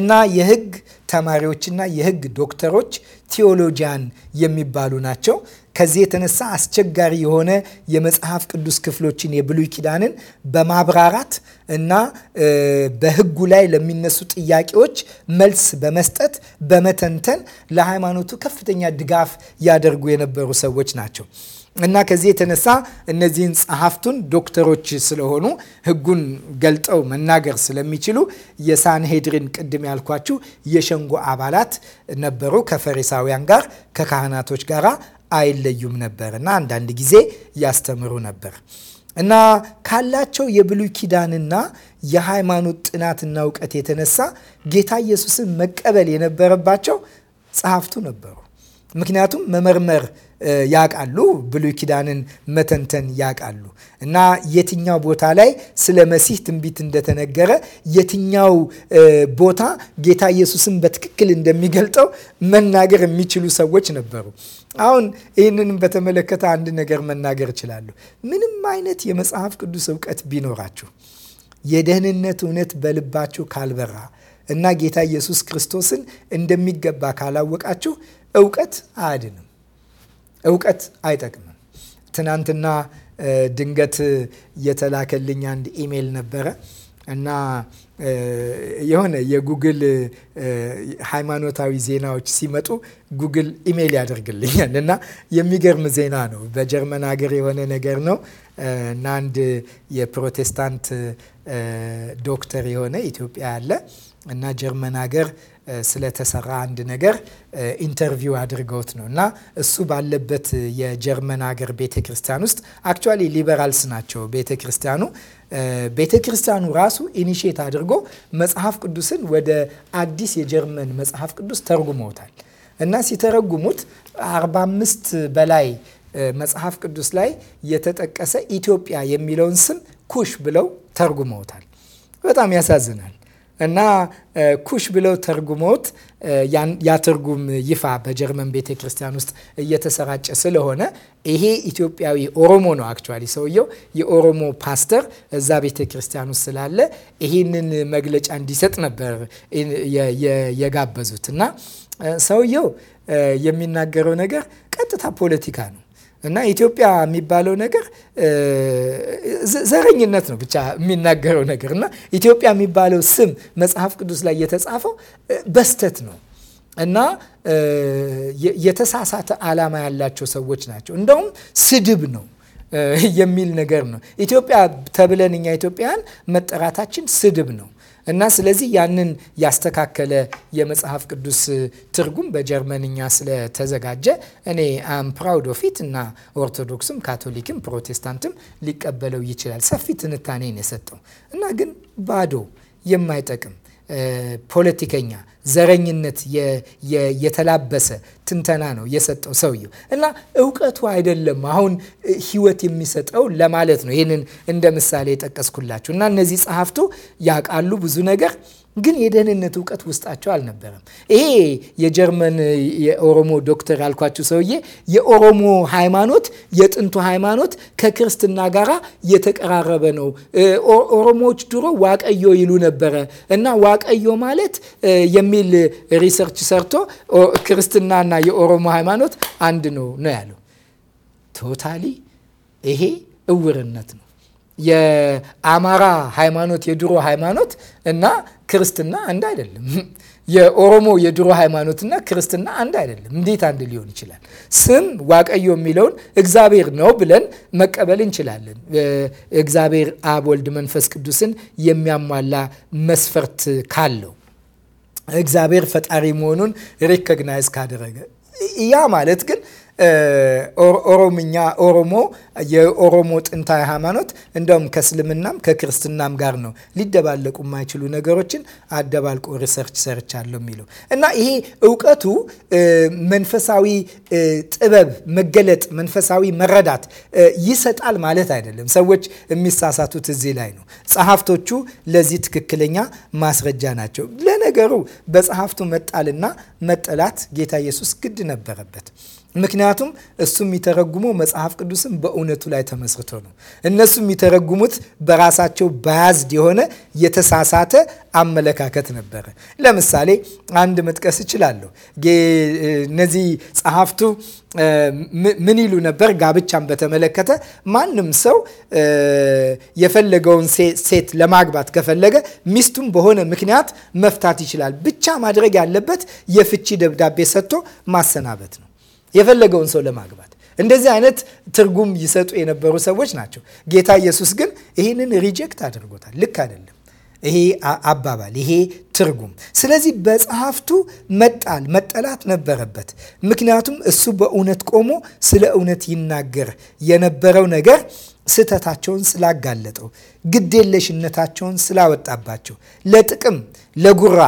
እና የህግ ተማሪዎችና የህግ ዶክተሮች ቴዎሎጂያን የሚባሉ ናቸው። ከዚህ የተነሳ አስቸጋሪ የሆነ የመጽሐፍ ቅዱስ ክፍሎችን የብሉይ ኪዳንን በማብራራት እና በህጉ ላይ ለሚነሱ ጥያቄዎች መልስ በመስጠት በመተንተን ለሃይማኖቱ ከፍተኛ ድጋፍ ያደርጉ የነበሩ ሰዎች ናቸው። እና ከዚህ የተነሳ እነዚህን ጸሐፍቱን ዶክተሮች ስለሆኑ ህጉን ገልጠው መናገር ስለሚችሉ የሳንሄድሪን ቅድም ያልኳችሁ የሸንጎ አባላት ነበሩ። ከፈሪሳውያን ጋር ከካህናቶች ጋር አይለዩም ነበር እና አንዳንድ ጊዜ ያስተምሩ ነበር እና ካላቸው የብሉይ ኪዳንና የሃይማኖት ጥናትና እውቀት የተነሳ ጌታ ኢየሱስን መቀበል የነበረባቸው ጸሐፍቱ ነበሩ። ምክንያቱም መመርመር ያውቃሉ። ብሉይ ኪዳንን መተንተን ያውቃሉ እና የትኛው ቦታ ላይ ስለ መሲህ ትንቢት እንደተነገረ የትኛው ቦታ ጌታ ኢየሱስን በትክክል እንደሚገልጠው መናገር የሚችሉ ሰዎች ነበሩ። አሁን ይህንንም በተመለከተ አንድ ነገር መናገር እችላለሁ። ምንም አይነት የመጽሐፍ ቅዱስ እውቀት ቢኖራችሁ የደህንነት እውነት በልባችሁ ካልበራ እና ጌታ ኢየሱስ ክርስቶስን እንደሚገባ ካላወቃችሁ እውቀት አያድንም። እውቀት አይጠቅምም። ትናንትና ድንገት የተላከልኝ አንድ ኢሜይል ነበረ እና የሆነ የጉግል ሃይማኖታዊ ዜናዎች ሲመጡ ጉግል ኢሜይል ያደርግልኛል እና የሚገርም ዜና ነው። በጀርመን ሀገር የሆነ ነገር ነው እና አንድ የፕሮቴስታንት ዶክተር የሆነ ኢትዮጵያ ያለ እና ጀርመን ሀገር ስለተሰራ አንድ ነገር ኢንተርቪው አድርገውት ነው እና እሱ ባለበት የጀርመን ሀገር ቤተ ክርስቲያን ውስጥ አክቹዋሊ ሊበራልስ ናቸው ቤተ ክርስቲያኑ። ቤተ ክርስቲያኑ ራሱ ኢኒሽት አድርጎ መጽሐፍ ቅዱስን ወደ አዲስ የጀርመን መጽሐፍ ቅዱስ ተርጉመውታል እና ሲተረጉሙት 45 በላይ መጽሐፍ ቅዱስ ላይ የተጠቀሰ ኢትዮጵያ የሚለውን ስም ኩሽ ብለው ተርጉመውታል። በጣም ያሳዝናል። እና ኩሽ ብለው ተርጉሞት ያ ትርጉም ይፋ በጀርመን ቤተ ክርስቲያን ውስጥ እየተሰራጨ ስለሆነ ይሄ ኢትዮጵያዊ ኦሮሞ ነው። አክቹዋሊ ሰውየው የኦሮሞ ፓስተር እዛ ቤተ ክርስቲያን ውስጥ ስላለ ይሄንን መግለጫ እንዲሰጥ ነበር የጋበዙት እና ሰውየው የሚናገረው ነገር ቀጥታ ፖለቲካ ነው። እና ኢትዮጵያ የሚባለው ነገር ዘረኝነት ነው ብቻ የሚናገረው ነገር እና ኢትዮጵያ የሚባለው ስም መጽሐፍ ቅዱስ ላይ የተጻፈው በስተት ነው እና የተሳሳተ ዓላማ ያላቸው ሰዎች ናቸው። እንደውም ስድብ ነው የሚል ነገር ነው። ኢትዮጵያ ተብለን እኛ ኢትዮጵያውያን መጠራታችን ስድብ ነው። እና ስለዚህ ያንን ያስተካከለ የመጽሐፍ ቅዱስ ትርጉም በጀርመንኛ ስለተዘጋጀ እኔ አም ፕራውድ ኦፊት እና ኦርቶዶክስም ካቶሊክም ፕሮቴስታንትም ሊቀበለው ይችላል። ሰፊ ትንታኔን የሰጠው እና ግን ባዶ የማይጠቅም ፖለቲከኛ ዘረኝነት የተላበሰ ትንተና ነው የሰጠው ሰውየው እና እውቀቱ አይደለም አሁን ህይወት የሚሰጠው ለማለት ነው። ይህንን እንደ ምሳሌ የጠቀስኩላችሁ እና እነዚህ ጸሐፍቱ ያውቃሉ ብዙ ነገር ግን የደህንነት እውቀት ውስጣቸው አልነበረም። ይሄ የጀርመን የኦሮሞ ዶክተር ያልኳችሁ ሰውዬ የኦሮሞ ሃይማኖት፣ የጥንቱ ሃይማኖት ከክርስትና ጋር የተቀራረበ ነው። ኦሮሞዎች ድሮ ዋቀዮ ይሉ ነበረ እና ዋቀዮ ማለት የሚል ሪሰርች ሰርቶ ክርስትናና የኦሮሞ ሃይማኖት አንድ ነው ነው ያለው። ቶታሊ ይሄ እውርነት ነው። የአማራ ሃይማኖት የድሮ ሃይማኖት እና ክርስትና አንድ አይደለም። የኦሮሞ የድሮ ሃይማኖትና ክርስትና አንድ አይደለም። እንዴት አንድ ሊሆን ይችላል? ስም ዋቀዮ የሚለውን እግዚአብሔር ነው ብለን መቀበል እንችላለን። እግዚአብሔር አብ፣ ወልድ፣ መንፈስ ቅዱስን የሚያሟላ መስፈርት ካለው እግዚአብሔር ፈጣሪ መሆኑን ሪኮግናይዝ ካደረገ ያ ማለት ግን ኦሮምኛ ኦሮሞ የኦሮሞ ጥንታዊ ሃይማኖት እንደውም ከእስልምናም ከክርስትናም ጋር ነው ሊደባለቁ የማይችሉ ነገሮችን አደባልቆ ሪሰርች ሰርቻለሁ የሚለው እና ይሄ እውቀቱ መንፈሳዊ ጥበብ መገለጥ፣ መንፈሳዊ መረዳት ይሰጣል ማለት አይደለም። ሰዎች የሚሳሳቱት እዚህ ላይ ነው። ጸሐፍቶቹ ለዚህ ትክክለኛ ማስረጃ ናቸው። ለነገሩ በጸሐፍቱ መጣልና መጠላት ጌታ ኢየሱስ ግድ ነበረበት። ምክንያቱም እሱ የሚተረጉመው መጽሐፍ ቅዱስን በእውነቱ ላይ ተመስርቶ ነው። እነሱ የሚተረጉሙት በራሳቸው ባያዝድ የሆነ የተሳሳተ አመለካከት ነበረ። ለምሳሌ አንድ መጥቀስ እችላለሁ። እነዚህ ጸሐፍቱ ምን ይሉ ነበር? ጋብቻን በተመለከተ ማንም ሰው የፈለገውን ሴት ለማግባት ከፈለገ ሚስቱን በሆነ ምክንያት መፍታት ይችላል። ብቻ ማድረግ ያለበት የፍቺ ደብዳቤ ሰጥቶ ማሰናበት ነው። የፈለገውን ሰው ለማግባት እንደዚህ አይነት ትርጉም ይሰጡ የነበሩ ሰዎች ናቸው። ጌታ ኢየሱስ ግን ይህንን ሪጀክት አድርጎታል። ልክ አይደለም ይሄ አባባል፣ ይሄ ትርጉም። ስለዚህ በጸሐፍቱ መጣል መጠላት ነበረበት። ምክንያቱም እሱ በእውነት ቆሞ ስለ እውነት ይናገር የነበረው ነገር ስህተታቸውን ስላጋለጠው፣ ግዴለሽነታቸውን ስላወጣባቸው፣ ለጥቅም ለጉራ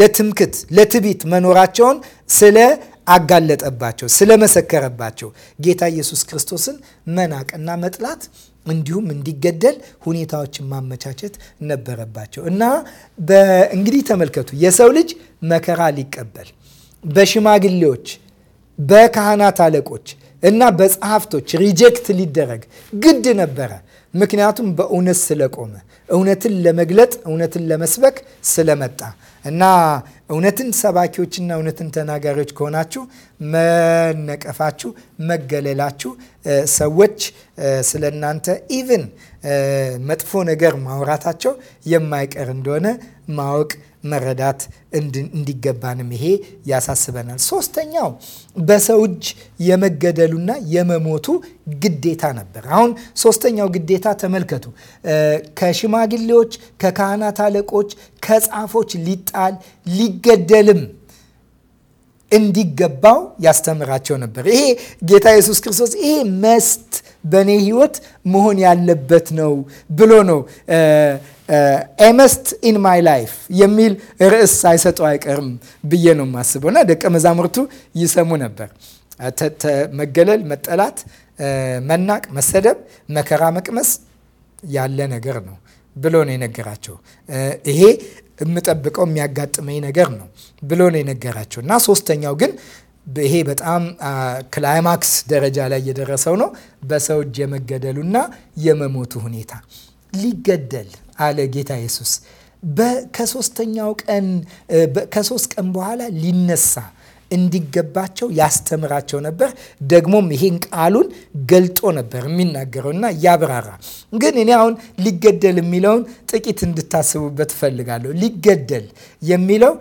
ለትምክት ለትቢት መኖራቸውን ስለ አጋለጠባቸው ስለመሰከረባቸው ጌታ ኢየሱስ ክርስቶስን መናቅና መጥላት እንዲሁም እንዲገደል ሁኔታዎችን ማመቻቸት ነበረባቸው እና እንግዲህ ተመልከቱ የሰው ልጅ መከራ ሊቀበል በሽማግሌዎች በካህናት አለቆች እና በጸሐፍቶች ሪጀክት ሊደረግ ግድ ነበረ ምክንያቱም በእውነት ስለቆመ እውነትን ለመግለጥ እውነትን ለመስበክ ስለመጣ እና እውነትን ሰባኪዎችና እውነትን ተናጋሪዎች ከሆናችሁ መነቀፋችሁ፣ መገለላችሁ ሰዎች ስለ እናንተ ኢቭን መጥፎ ነገር ማውራታቸው የማይቀር እንደሆነ ማወቅ መረዳት እንዲገባንም ይሄ ያሳስበናል። ሶስተኛው በሰው እጅ የመገደሉና የመሞቱ ግዴታ ነበር። አሁን ሶስተኛው ግዴታ ተመልከቱ። ከሽማግሌዎች፣ ከካህናት አለቆች፣ ከጻፎች ሊጣል ሊገደልም እንዲገባው ያስተምራቸው ነበር። ይሄ ጌታ ኢየሱስ ክርስቶስ ይሄ መስት በእኔ ሕይወት መሆን ያለበት ነው ብሎ ነው ኤመስት ኢን ማይ ላይፍ የሚል ርዕስ ሳይሰጠው አይቀርም ብዬ ነው የማስበው። እና ደቀ መዛሙርቱ ይሰሙ ነበር። መገለል፣ መጠላት፣ መናቅ፣ መሰደብ፣ መከራ መቅመስ ያለ ነገር ነው ብሎ ነው የነገራቸው። ይሄ የምጠብቀው የሚያጋጥመኝ ነገር ነው ብሎ ነው የነገራቸው። እና ሶስተኛው ግን ይሄ በጣም ክላይማክስ ደረጃ ላይ የደረሰው ነው። በሰው እጅ የመገደሉና የመሞቱ ሁኔታ ሊገደል አለ ጌታ ኢየሱስ። ከሶስተኛው ቀን ከሶስት ቀን በኋላ ሊነሳ እንዲገባቸው ያስተምራቸው ነበር። ደግሞም ይሄን ቃሉን ገልጦ ነበር የሚናገረውና እያብራራ ግን እኔ አሁን ሊገደል የሚለውን ጥቂት እንድታስቡበት እፈልጋለሁ። ሊገደል የሚለው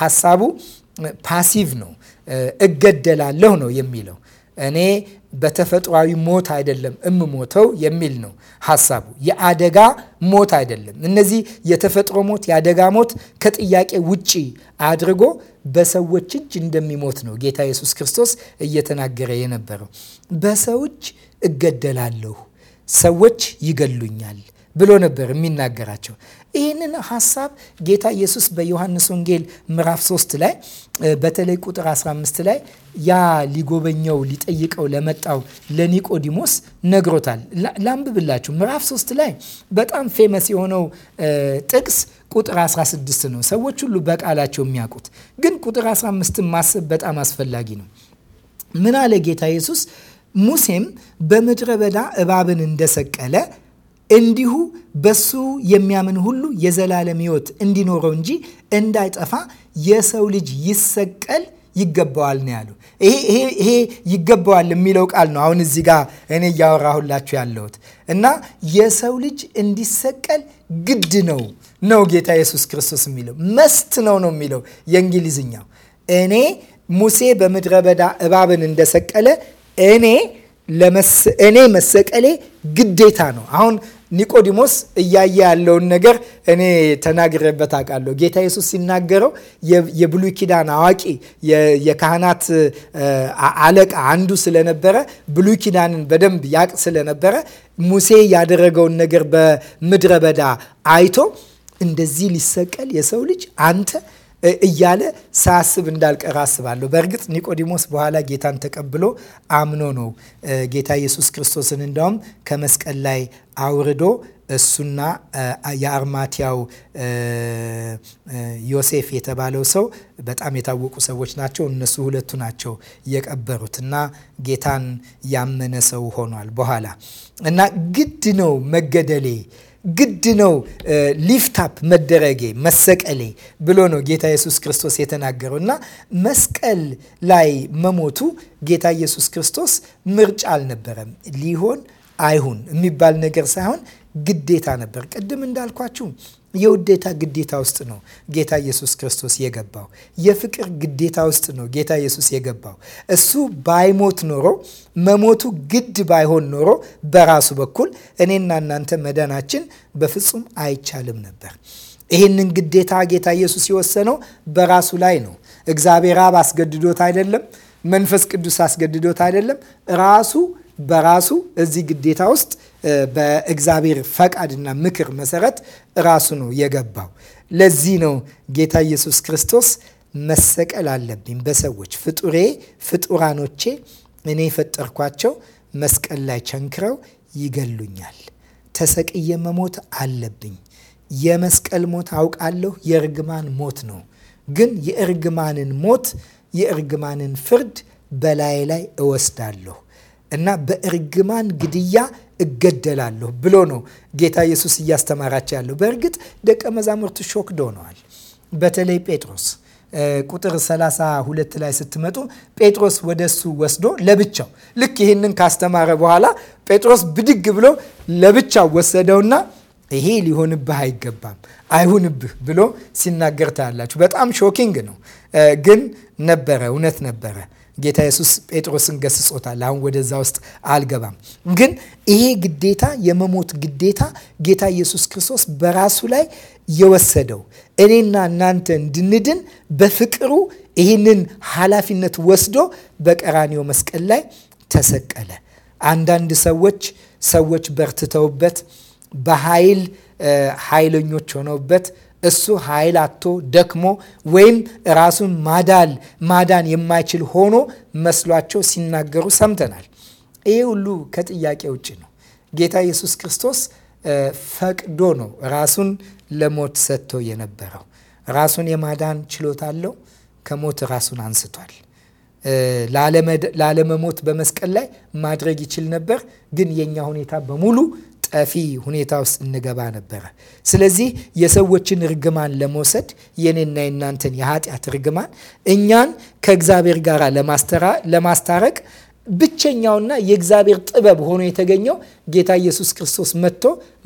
ሀሳቡ ፓሲቭ ነው፣ እገደላለሁ ነው የሚለው እኔ በተፈጥሯዊ ሞት አይደለም እምሞተው የሚል ነው ሀሳቡ። የአደጋ ሞት አይደለም። እነዚህ የተፈጥሮ ሞት፣ የአደጋ ሞት ከጥያቄ ውጪ አድርጎ በሰዎች እጅ እንደሚሞት ነው ጌታ ኢየሱስ ክርስቶስ እየተናገረ የነበረው። በሰው እጅ እገደላለሁ፣ ሰዎች ይገሉኛል ብሎ ነበር የሚናገራቸው። ይህንን ሀሳብ ጌታ ኢየሱስ በዮሐንስ ወንጌል ምዕራፍ 3 ላይ በተለይ ቁጥር 15 ላይ ያ ሊጎበኘው ሊጠይቀው ለመጣው ለኒቆዲሞስ ነግሮታል። ላንብብላችሁ። ምዕራፍ 3 ላይ በጣም ፌመስ የሆነው ጥቅስ ቁጥር 16 ነው። ሰዎች ሁሉ በቃላቸው የሚያውቁት ግን ቁጥር 15ን ማሰብ በጣም አስፈላጊ ነው። ምን አለ ጌታ ኢየሱስ? ሙሴም በምድረ በዳ እባብን እንደሰቀለ እንዲሁ በሱ የሚያምን ሁሉ የዘላለም ሕይወት እንዲኖረው እንጂ እንዳይጠፋ የሰው ልጅ ይሰቀል ይገባዋል ነው ያሉ። ይሄ ይገባዋል የሚለው ቃል ነው አሁን እዚህ ጋር እኔ እያወራሁላችሁ ያለሁት እና የሰው ልጅ እንዲሰቀል ግድ ነው ነው ጌታ ኢየሱስ ክርስቶስ የሚለው መስት ነው ነው የሚለው የእንግሊዝኛው። እኔ ሙሴ በምድረ በዳ እባብን እንደሰቀለ እኔ እኔ መሰቀሌ ግዴታ ነው። አሁን ኒቆዲሞስ እያየ ያለውን ነገር እኔ ተናግሬበት አውቃለሁ። ጌታ ኢየሱስ ሲናገረው የብሉይ ኪዳን አዋቂ የካህናት አለቃ አንዱ ስለነበረ ብሉይ ኪዳንን በደንብ ያቅ ስለነበረ ሙሴ ያደረገውን ነገር በምድረ በዳ አይቶ እንደዚህ ሊሰቀል የሰው ልጅ አንተ እያለ ሳያስብ እንዳልቀረ አስባለሁ። በእርግጥ ኒቆዲሞስ በኋላ ጌታን ተቀብሎ አምኖ ነው ጌታ ኢየሱስ ክርስቶስን እንዳውም ከመስቀል ላይ አውርዶ እሱና የአርማቲያው ዮሴፍ የተባለው ሰው በጣም የታወቁ ሰዎች ናቸው። እነሱ ሁለቱ ናቸው የቀበሩት እና ጌታን ያመነ ሰው ሆኗል በኋላ እና ግድ ነው መገደሌ ግድ ነው ሊፍታፕ መደረጌ መሰቀሌ ብሎ ነው ጌታ ኢየሱስ ክርስቶስ የተናገረው እና መስቀል ላይ መሞቱ ጌታ ኢየሱስ ክርስቶስ ምርጫ አልነበረም። ሊሆን አይሁን የሚባል ነገር ሳይሆን ግዴታ ነበር። ቅድም እንዳልኳችሁ የውዴታ ግዴታ ውስጥ ነው ጌታ ኢየሱስ ክርስቶስ የገባው። የፍቅር ግዴታ ውስጥ ነው ጌታ ኢየሱስ የገባው። እሱ ባይሞት ኖሮ መሞቱ ግድ ባይሆን ኖሮ በራሱ በኩል እኔና እናንተ መዳናችን በፍጹም አይቻልም ነበር። ይህንን ግዴታ ጌታ ኢየሱስ የወሰነው በራሱ ላይ ነው። እግዚአብሔር አብ አስገድዶት አይደለም። መንፈስ ቅዱስ አስገድዶት አይደለም። ራሱ በራሱ እዚህ ግዴታ ውስጥ በእግዚአብሔር ፈቃድና ምክር መሰረት ራሱ ነው የገባው። ለዚህ ነው ጌታ ኢየሱስ ክርስቶስ መሰቀል አለብኝ በሰዎች ፍጡሬ ፍጡራኖቼ እኔ የፈጠርኳቸው መስቀል ላይ ቸንክረው ይገሉኛል፣ ተሰቅዬ መሞት አለብኝ። የመስቀል ሞት አውቃለሁ የእርግማን ሞት ነው። ግን የእርግማንን ሞት የእርግማንን ፍርድ በላይ ላይ እወስዳለሁ እና በእርግማን ግድያ እገደላለሁ ብሎ ነው ጌታ ኢየሱስ እያስተማራቸው ያለው። በእርግጥ ደቀ መዛሙርት ሾክ ዶነዋል። በተለይ ጴጥሮስ ቁጥር 32 ላይ ስትመጡ ጴጥሮስ ወደ እሱ ወስዶ ለብቻው ልክ ይህንን ካስተማረ በኋላ ጴጥሮስ ብድግ ብሎ ለብቻው ወሰደውና ይሄ ሊሆንብህ አይገባም አይሁንብህ ብሎ ሲናገር ታያላችሁ። በጣም ሾኪንግ ነው፣ ግን ነበረ፣ እውነት ነበረ። ጌታ ኢየሱስ ጴጥሮስን ገስጾታል። አሁን ወደዛ ውስጥ አልገባም። ግን ይሄ ግዴታ የመሞት ግዴታ ጌታ ኢየሱስ ክርስቶስ በራሱ ላይ የወሰደው እኔና እናንተ እንድንድን በፍቅሩ ይህንን ኃላፊነት ወስዶ በቀራንዮ መስቀል ላይ ተሰቀለ። አንዳንድ ሰዎች ሰዎች በርትተውበት በኃይል ኃይለኞች ሆነውበት እሱ ኃይል አጥቶ ደክሞ ወይም ራሱን ማዳል ማዳን የማይችል ሆኖ መስሏቸው ሲናገሩ ሰምተናል። ይሄ ሁሉ ከጥያቄ ውጭ ነው። ጌታ ኢየሱስ ክርስቶስ ፈቅዶ ነው ራሱን ለሞት ሰጥቶ የነበረው። ራሱን የማዳን ችሎታ አለው። ከሞት ራሱን አንስቷል። ላለመሞት በመስቀል ላይ ማድረግ ይችል ነበር፣ ግን የእኛ ሁኔታ በሙሉ ጠፊ ሁኔታ ውስጥ እንገባ ነበረ። ስለዚህ የሰዎችን እርግማን ለመውሰድ የኔና የናንተን የኃጢአት እርግማን እኛን ከእግዚአብሔር ጋር ለማስታረቅ ብቸኛውና የእግዚአብሔር ጥበብ ሆኖ የተገኘው ጌታ ኢየሱስ ክርስቶስ መጥቶ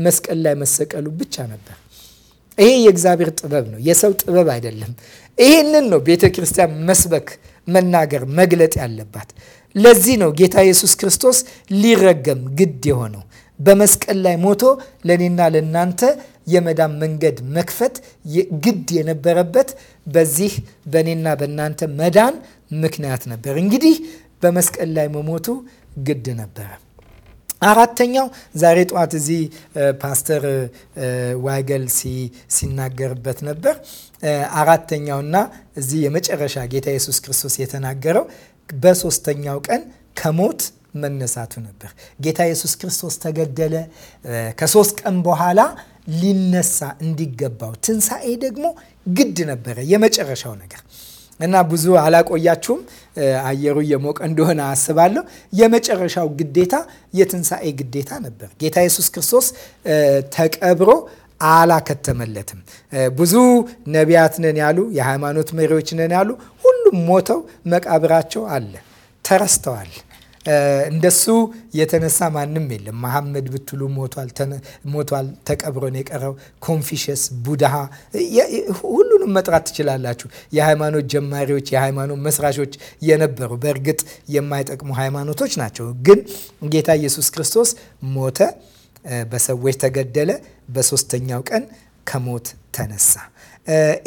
መስቀል ላይ መሰቀሉ ብቻ ነበር። ይሄ የእግዚአብሔር ጥበብ ነው፣ የሰው ጥበብ አይደለም። ይሄንን ነው ቤተ ክርስቲያን መስበክ፣ መናገር፣ መግለጥ ያለባት። ለዚህ ነው ጌታ ኢየሱስ ክርስቶስ ሊረገም ግድ የሆነው በመስቀል ላይ ሞቶ ለእኔና ለእናንተ የመዳን መንገድ መክፈት ግድ የነበረበት በዚህ በእኔና በእናንተ መዳን ምክንያት ነበር። እንግዲህ በመስቀል ላይ መሞቱ ግድ ነበረ። አራተኛው ዛሬ ጠዋት እዚህ ፓስተር ዋይገል ሲናገርበት ነበር። አራተኛውና እዚህ የመጨረሻ ጌታ ኢየሱስ ክርስቶስ የተናገረው በሶስተኛው ቀን ከሞት መነሳቱ ነበር። ጌታ ኢየሱስ ክርስቶስ ተገደለ። ከሶስት ቀን በኋላ ሊነሳ እንዲገባው ትንሣኤ ደግሞ ግድ ነበረ የመጨረሻው ነገር እና ብዙ አላቆያችሁም። አየሩ እየሞቀ እንደሆነ አስባለሁ። የመጨረሻው ግዴታ የትንሣኤ ግዴታ ነበር። ጌታ ኢየሱስ ክርስቶስ ተቀብሮ አላከተመለትም። ብዙ ነቢያት ነን ያሉ፣ የሃይማኖት መሪዎች ነን ያሉ ሁሉም ሞተው መቃብራቸው አለ፣ ተረስተዋል። እንደሱ የተነሳ ማንም የለም። መሐመድ ብትሉ ሞቷል፣ ተቀብሮን የቀረው ኮንፊሽስ፣ ቡድሃ ሁሉንም መጥራት ትችላላችሁ። የሃይማኖት ጀማሪዎች፣ የሃይማኖት መስራቾች የነበሩ በእርግጥ የማይጠቅሙ ሃይማኖቶች ናቸው። ግን ጌታ ኢየሱስ ክርስቶስ ሞተ፣ በሰዎች ተገደለ፣ በሶስተኛው ቀን ከሞት ተነሳ።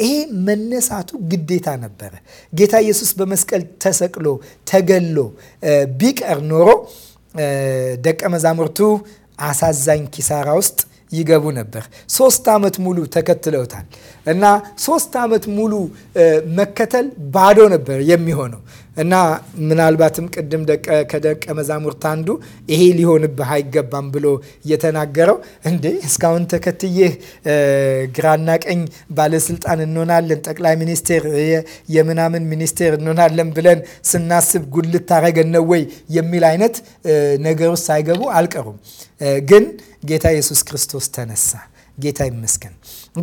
ይሄ መነሳቱ ግዴታ ነበረ። ጌታ ኢየሱስ በመስቀል ተሰቅሎ ተገሎ ቢቀር ኖሮ ደቀ መዛሙርቱ አሳዛኝ ኪሳራ ውስጥ ይገቡ ነበር። ሶስት ዓመት ሙሉ ተከትለውታል እና ሶስት ዓመት ሙሉ መከተል ባዶ ነበር የሚሆነው እና ምናልባትም ቅድም ከደቀ መዛሙርት አንዱ ይሄ ሊሆንብህ አይገባም ብሎ የተናገረው እንዴ እስካሁን ተከትዬህ ግራና ቀኝ ባለስልጣን እንሆናለን፣ ጠቅላይ ሚኒስቴር፣ የምናምን ሚኒስቴር እንሆናለን ብለን ስናስብ ጉልት ልታረገን ወይ የሚል አይነት ነገሮች ሳይገቡ አልቀሩም ግን ጌታ ኢየሱስ ክርስቶስ ተነሳ። ጌታ ይመስገን።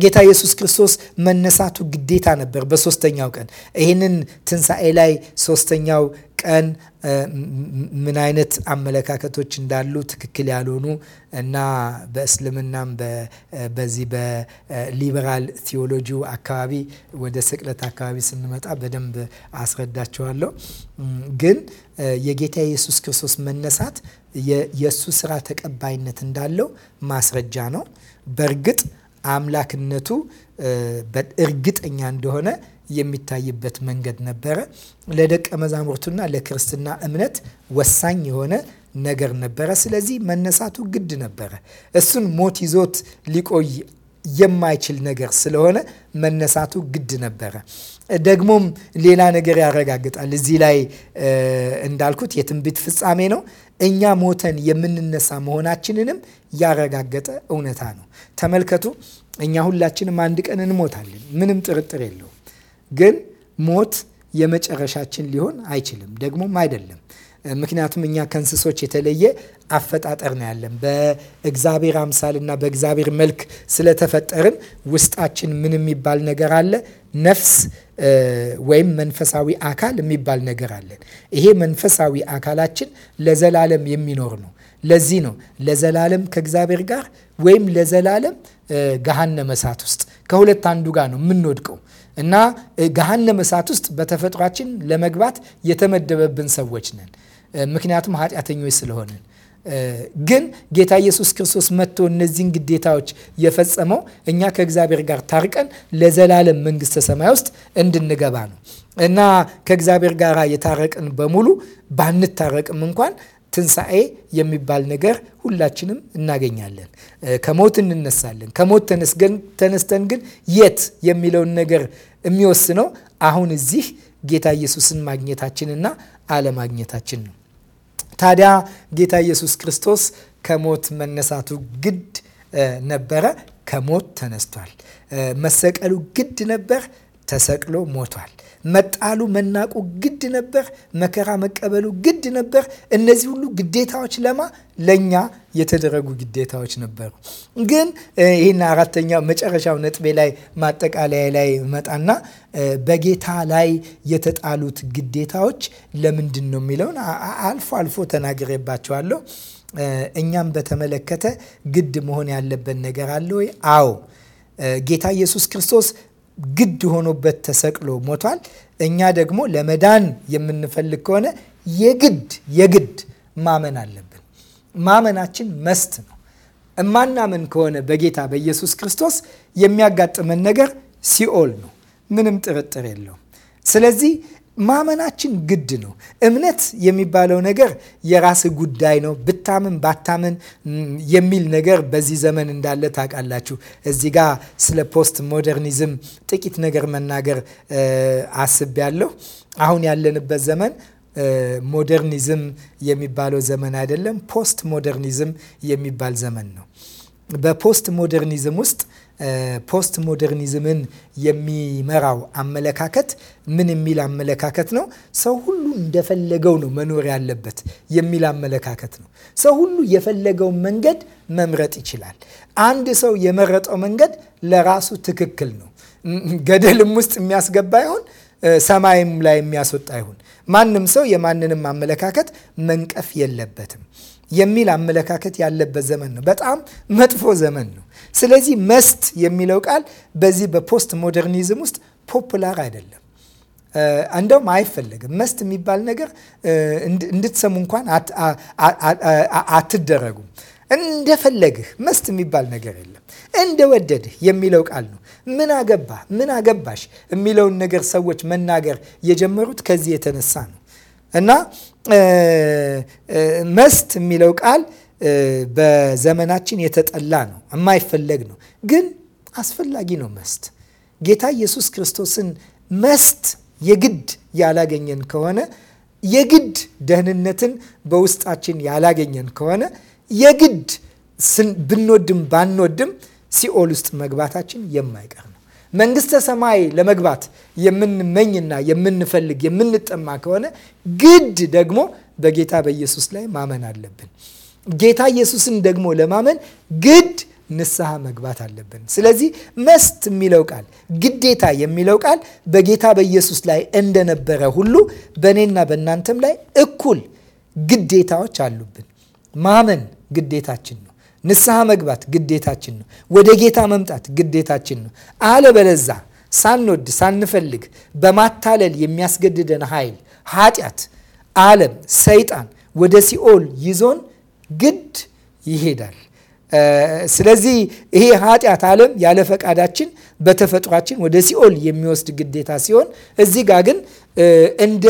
ጌታ ኢየሱስ ክርስቶስ መነሳቱ ግዴታ ነበር። በሶስተኛው ቀን ይህንን ትንሣኤ ላይ ሶስተኛው ቀን ምን አይነት አመለካከቶች እንዳሉ ትክክል ያልሆኑ እና በእስልምናም በዚህ በሊበራል ቲዎሎጂው አካባቢ ወደ ስቅለት አካባቢ ስንመጣ በደንብ አስረዳችኋለሁ። ግን የጌታ ኢየሱስ ክርስቶስ መነሳት የእሱ ስራ ተቀባይነት እንዳለው ማስረጃ ነው። በእርግጥ አምላክነቱ እርግጠኛ እንደሆነ የሚታይበት መንገድ ነበረ። ለደቀ መዛሙርቱና ለክርስትና እምነት ወሳኝ የሆነ ነገር ነበረ። ስለዚህ መነሳቱ ግድ ነበረ። እሱን ሞት ይዞት ሊቆይ የማይችል ነገር ስለሆነ መነሳቱ ግድ ነበረ። ደግሞም ሌላ ነገር ያረጋግጣል። እዚህ ላይ እንዳልኩት የትንቢት ፍጻሜ ነው። እኛ ሞተን የምንነሳ መሆናችንንም ያረጋገጠ እውነታ ነው። ተመልከቱ፣ እኛ ሁላችንም አንድ ቀን እንሞታለን። ምንም ጥርጥር የለውም። ግን ሞት የመጨረሻችን ሊሆን አይችልም፣ ደግሞም አይደለም። ምክንያቱም እኛ ከእንስሶች የተለየ አፈጣጠር ነው ያለን። በእግዚአብሔር አምሳልና በእግዚአብሔር መልክ ስለተፈጠርን ውስጣችን ምን የሚባል ነገር አለ? ነፍስ ወይም መንፈሳዊ አካል የሚባል ነገር አለን። ይሄ መንፈሳዊ አካላችን ለዘላለም የሚኖር ነው። ለዚህ ነው ለዘላለም ከእግዚአብሔር ጋር ወይም ለዘላለም ገሃነመ እሳት ውስጥ ከሁለት አንዱ ጋር ነው የምንወድቀው እና ገሃነመ እሳት ውስጥ በተፈጥሯችን ለመግባት የተመደበብን ሰዎች ነን። ምክንያቱም ኃጢአተኞች ስለሆንን ግን ጌታ ኢየሱስ ክርስቶስ መጥቶ እነዚህን ግዴታዎች የፈጸመው እኛ ከእግዚአብሔር ጋር ታርቀን ለዘላለም መንግስተ ሰማይ ውስጥ እንድንገባ ነው እና ከእግዚአብሔር ጋር የታረቅን በሙሉ ባንታረቅም እንኳን ትንሣኤ የሚባል ነገር ሁላችንም እናገኛለን። ከሞት እንነሳለን። ከሞት ተነስተን ግን የት የሚለውን ነገር የሚወስነው አሁን እዚህ ጌታ ኢየሱስን ማግኘታችንና አለማግኘታችን ነው። ታዲያ ጌታ ኢየሱስ ክርስቶስ ከሞት መነሳቱ ግድ ነበረ፣ ከሞት ተነስቷል። መሰቀሉ ግድ ነበር፣ ተሰቅሎ ሞቷል። መጣሉ፣ መናቁ ግድ ነበር። መከራ መቀበሉ ግድ ነበር። እነዚህ ሁሉ ግዴታዎች ለማ ለእኛ የተደረጉ ግዴታዎች ነበሩ። ግን ይህን አራተኛው መጨረሻው ነጥቤ ላይ ማጠቃለያ ላይ መጣና በጌታ ላይ የተጣሉት ግዴታዎች ለምንድን ነው የሚለውን አልፎ አልፎ ተናግሬባቸዋለሁ። እኛም በተመለከተ ግድ መሆን ያለበት ነገር አለ ወይ? አዎ። ጌታ ኢየሱስ ክርስቶስ ግድ ሆኖበት ተሰቅሎ ሞቷል። እኛ ደግሞ ለመዳን የምንፈልግ ከሆነ የግድ የግድ ማመን አለብን። ማመናችን መስት ነው። እማናምን ከሆነ በጌታ በኢየሱስ ክርስቶስ የሚያጋጥመን ነገር ሲኦል ነው። ምንም ጥርጥር የለውም። ስለዚህ ማመናችን ግድ ነው። እምነት የሚባለው ነገር የራስ ጉዳይ ነው። ብታምን ባታምን የሚል ነገር በዚህ ዘመን እንዳለ ታውቃላችሁ። እዚህ ጋ ስለ ፖስት ሞደርኒዝም ጥቂት ነገር መናገር አስቤያለሁ። አሁን ያለንበት ዘመን ሞደርኒዝም የሚባለው ዘመን አይደለም፣ ፖስት ሞደርኒዝም የሚባል ዘመን ነው። በፖስት ሞደርኒዝም ውስጥ ፖስት ሞደርኒዝምን የሚመራው አመለካከት ምን የሚል አመለካከት ነው? ሰው ሁሉ እንደፈለገው ነው መኖር ያለበት የሚል አመለካከት ነው። ሰው ሁሉ የፈለገውን መንገድ መምረጥ ይችላል። አንድ ሰው የመረጠው መንገድ ለራሱ ትክክል ነው። ገደልም ውስጥ የሚያስገባ ይሆን ሰማይም ላይ የሚያስወጣ ይሆን፣ ማንም ሰው የማንንም አመለካከት መንቀፍ የለበትም። የሚል አመለካከት ያለበት ዘመን ነው። በጣም መጥፎ ዘመን ነው። ስለዚህ መስት የሚለው ቃል በዚህ በፖስት ሞደርኒዝም ውስጥ ፖፑላር አይደለም። እንደውም አይፈለግም። መስት የሚባል ነገር እንድትሰሙ እንኳን አትደረጉም። እንደፈለግህ መስት የሚባል ነገር የለም። እንደወደድህ የሚለው ቃል ነው። ምን አገባ ምን አገባሽ የሚለውን ነገር ሰዎች መናገር የጀመሩት ከዚህ የተነሳ ነው እና መስት የሚለው ቃል በዘመናችን የተጠላ ነው፣ የማይፈለግ ነው። ግን አስፈላጊ ነው መስት ጌታ ኢየሱስ ክርስቶስን መስት የግድ ያላገኘን ከሆነ የግድ ደህንነትን በውስጣችን ያላገኘን ከሆነ የግድ ብንወድም ባንወድም ሲኦል ውስጥ መግባታችን የማይቀር መንግስተ ሰማይ ለመግባት የምንመኝና የምንፈልግ የምንጠማ ከሆነ ግድ ደግሞ በጌታ በኢየሱስ ላይ ማመን አለብን። ጌታ ኢየሱስን ደግሞ ለማመን ግድ ንስሐ መግባት አለብን። ስለዚህ መስት የሚለው ቃል ግዴታ የሚለው ቃል በጌታ በኢየሱስ ላይ እንደነበረ ሁሉ በእኔና በእናንተም ላይ እኩል ግዴታዎች አሉብን። ማመን ግዴታችን ነው። ንስሐ መግባት ግዴታችን ነው። ወደ ጌታ መምጣት ግዴታችን ነው። አለበለዛ ሳንወድ ሳንፈልግ በማታለል የሚያስገድደን ኃይል ኃጢአት፣ ዓለም፣ ሰይጣን ወደ ሲኦል ይዞን ግድ ይሄዳል። ስለዚህ ይሄ ኃጢአት ዓለም ያለ ፈቃዳችን በተፈጥሯችን ወደ ሲኦል የሚወስድ ግዴታ ሲሆን እዚህ ጋር ግን እንደ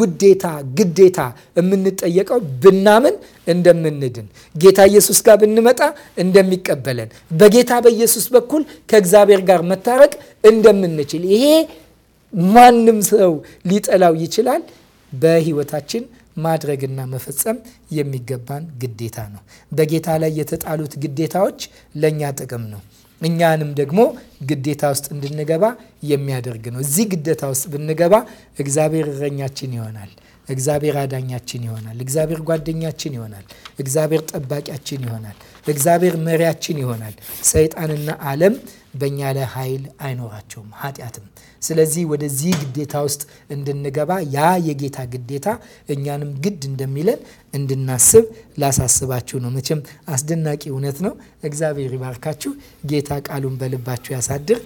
ውዴታ ግዴታ የምንጠየቀው ብናምን እንደምንድን ጌታ ኢየሱስ ጋር ብንመጣ እንደሚቀበለን በጌታ በኢየሱስ በኩል ከእግዚአብሔር ጋር መታረቅ እንደምንችል ይሄ ማንም ሰው ሊጠላው ይችላል። በህይወታችን ማድረግና መፈጸም የሚገባን ግዴታ ነው። በጌታ ላይ የተጣሉት ግዴታዎች ለእኛ ጥቅም ነው። እኛንም ደግሞ ግዴታ ውስጥ እንድንገባ የሚያደርግ ነው። እዚህ ግዴታ ውስጥ ብንገባ እግዚአብሔር እረኛችን ይሆናል። እግዚአብሔር አዳኛችን ይሆናል። እግዚአብሔር ጓደኛችን ይሆናል። እግዚአብሔር ጠባቂያችን ይሆናል። እግዚአብሔር መሪያችን ይሆናል። ሰይጣንና ዓለም በእኛ ላይ ኃይል አይኖራቸውም። ኃጢአትም ስለዚህ ወደዚህ ግዴታ ውስጥ እንድንገባ ያ የጌታ ግዴታ እኛንም ግድ እንደሚለን እንድናስብ ላሳስባችሁ ነው። መቼም አስደናቂ እውነት ነው። እግዚአብሔር ይባርካችሁ። ጌታ ቃሉን በልባችሁ ያሳድር።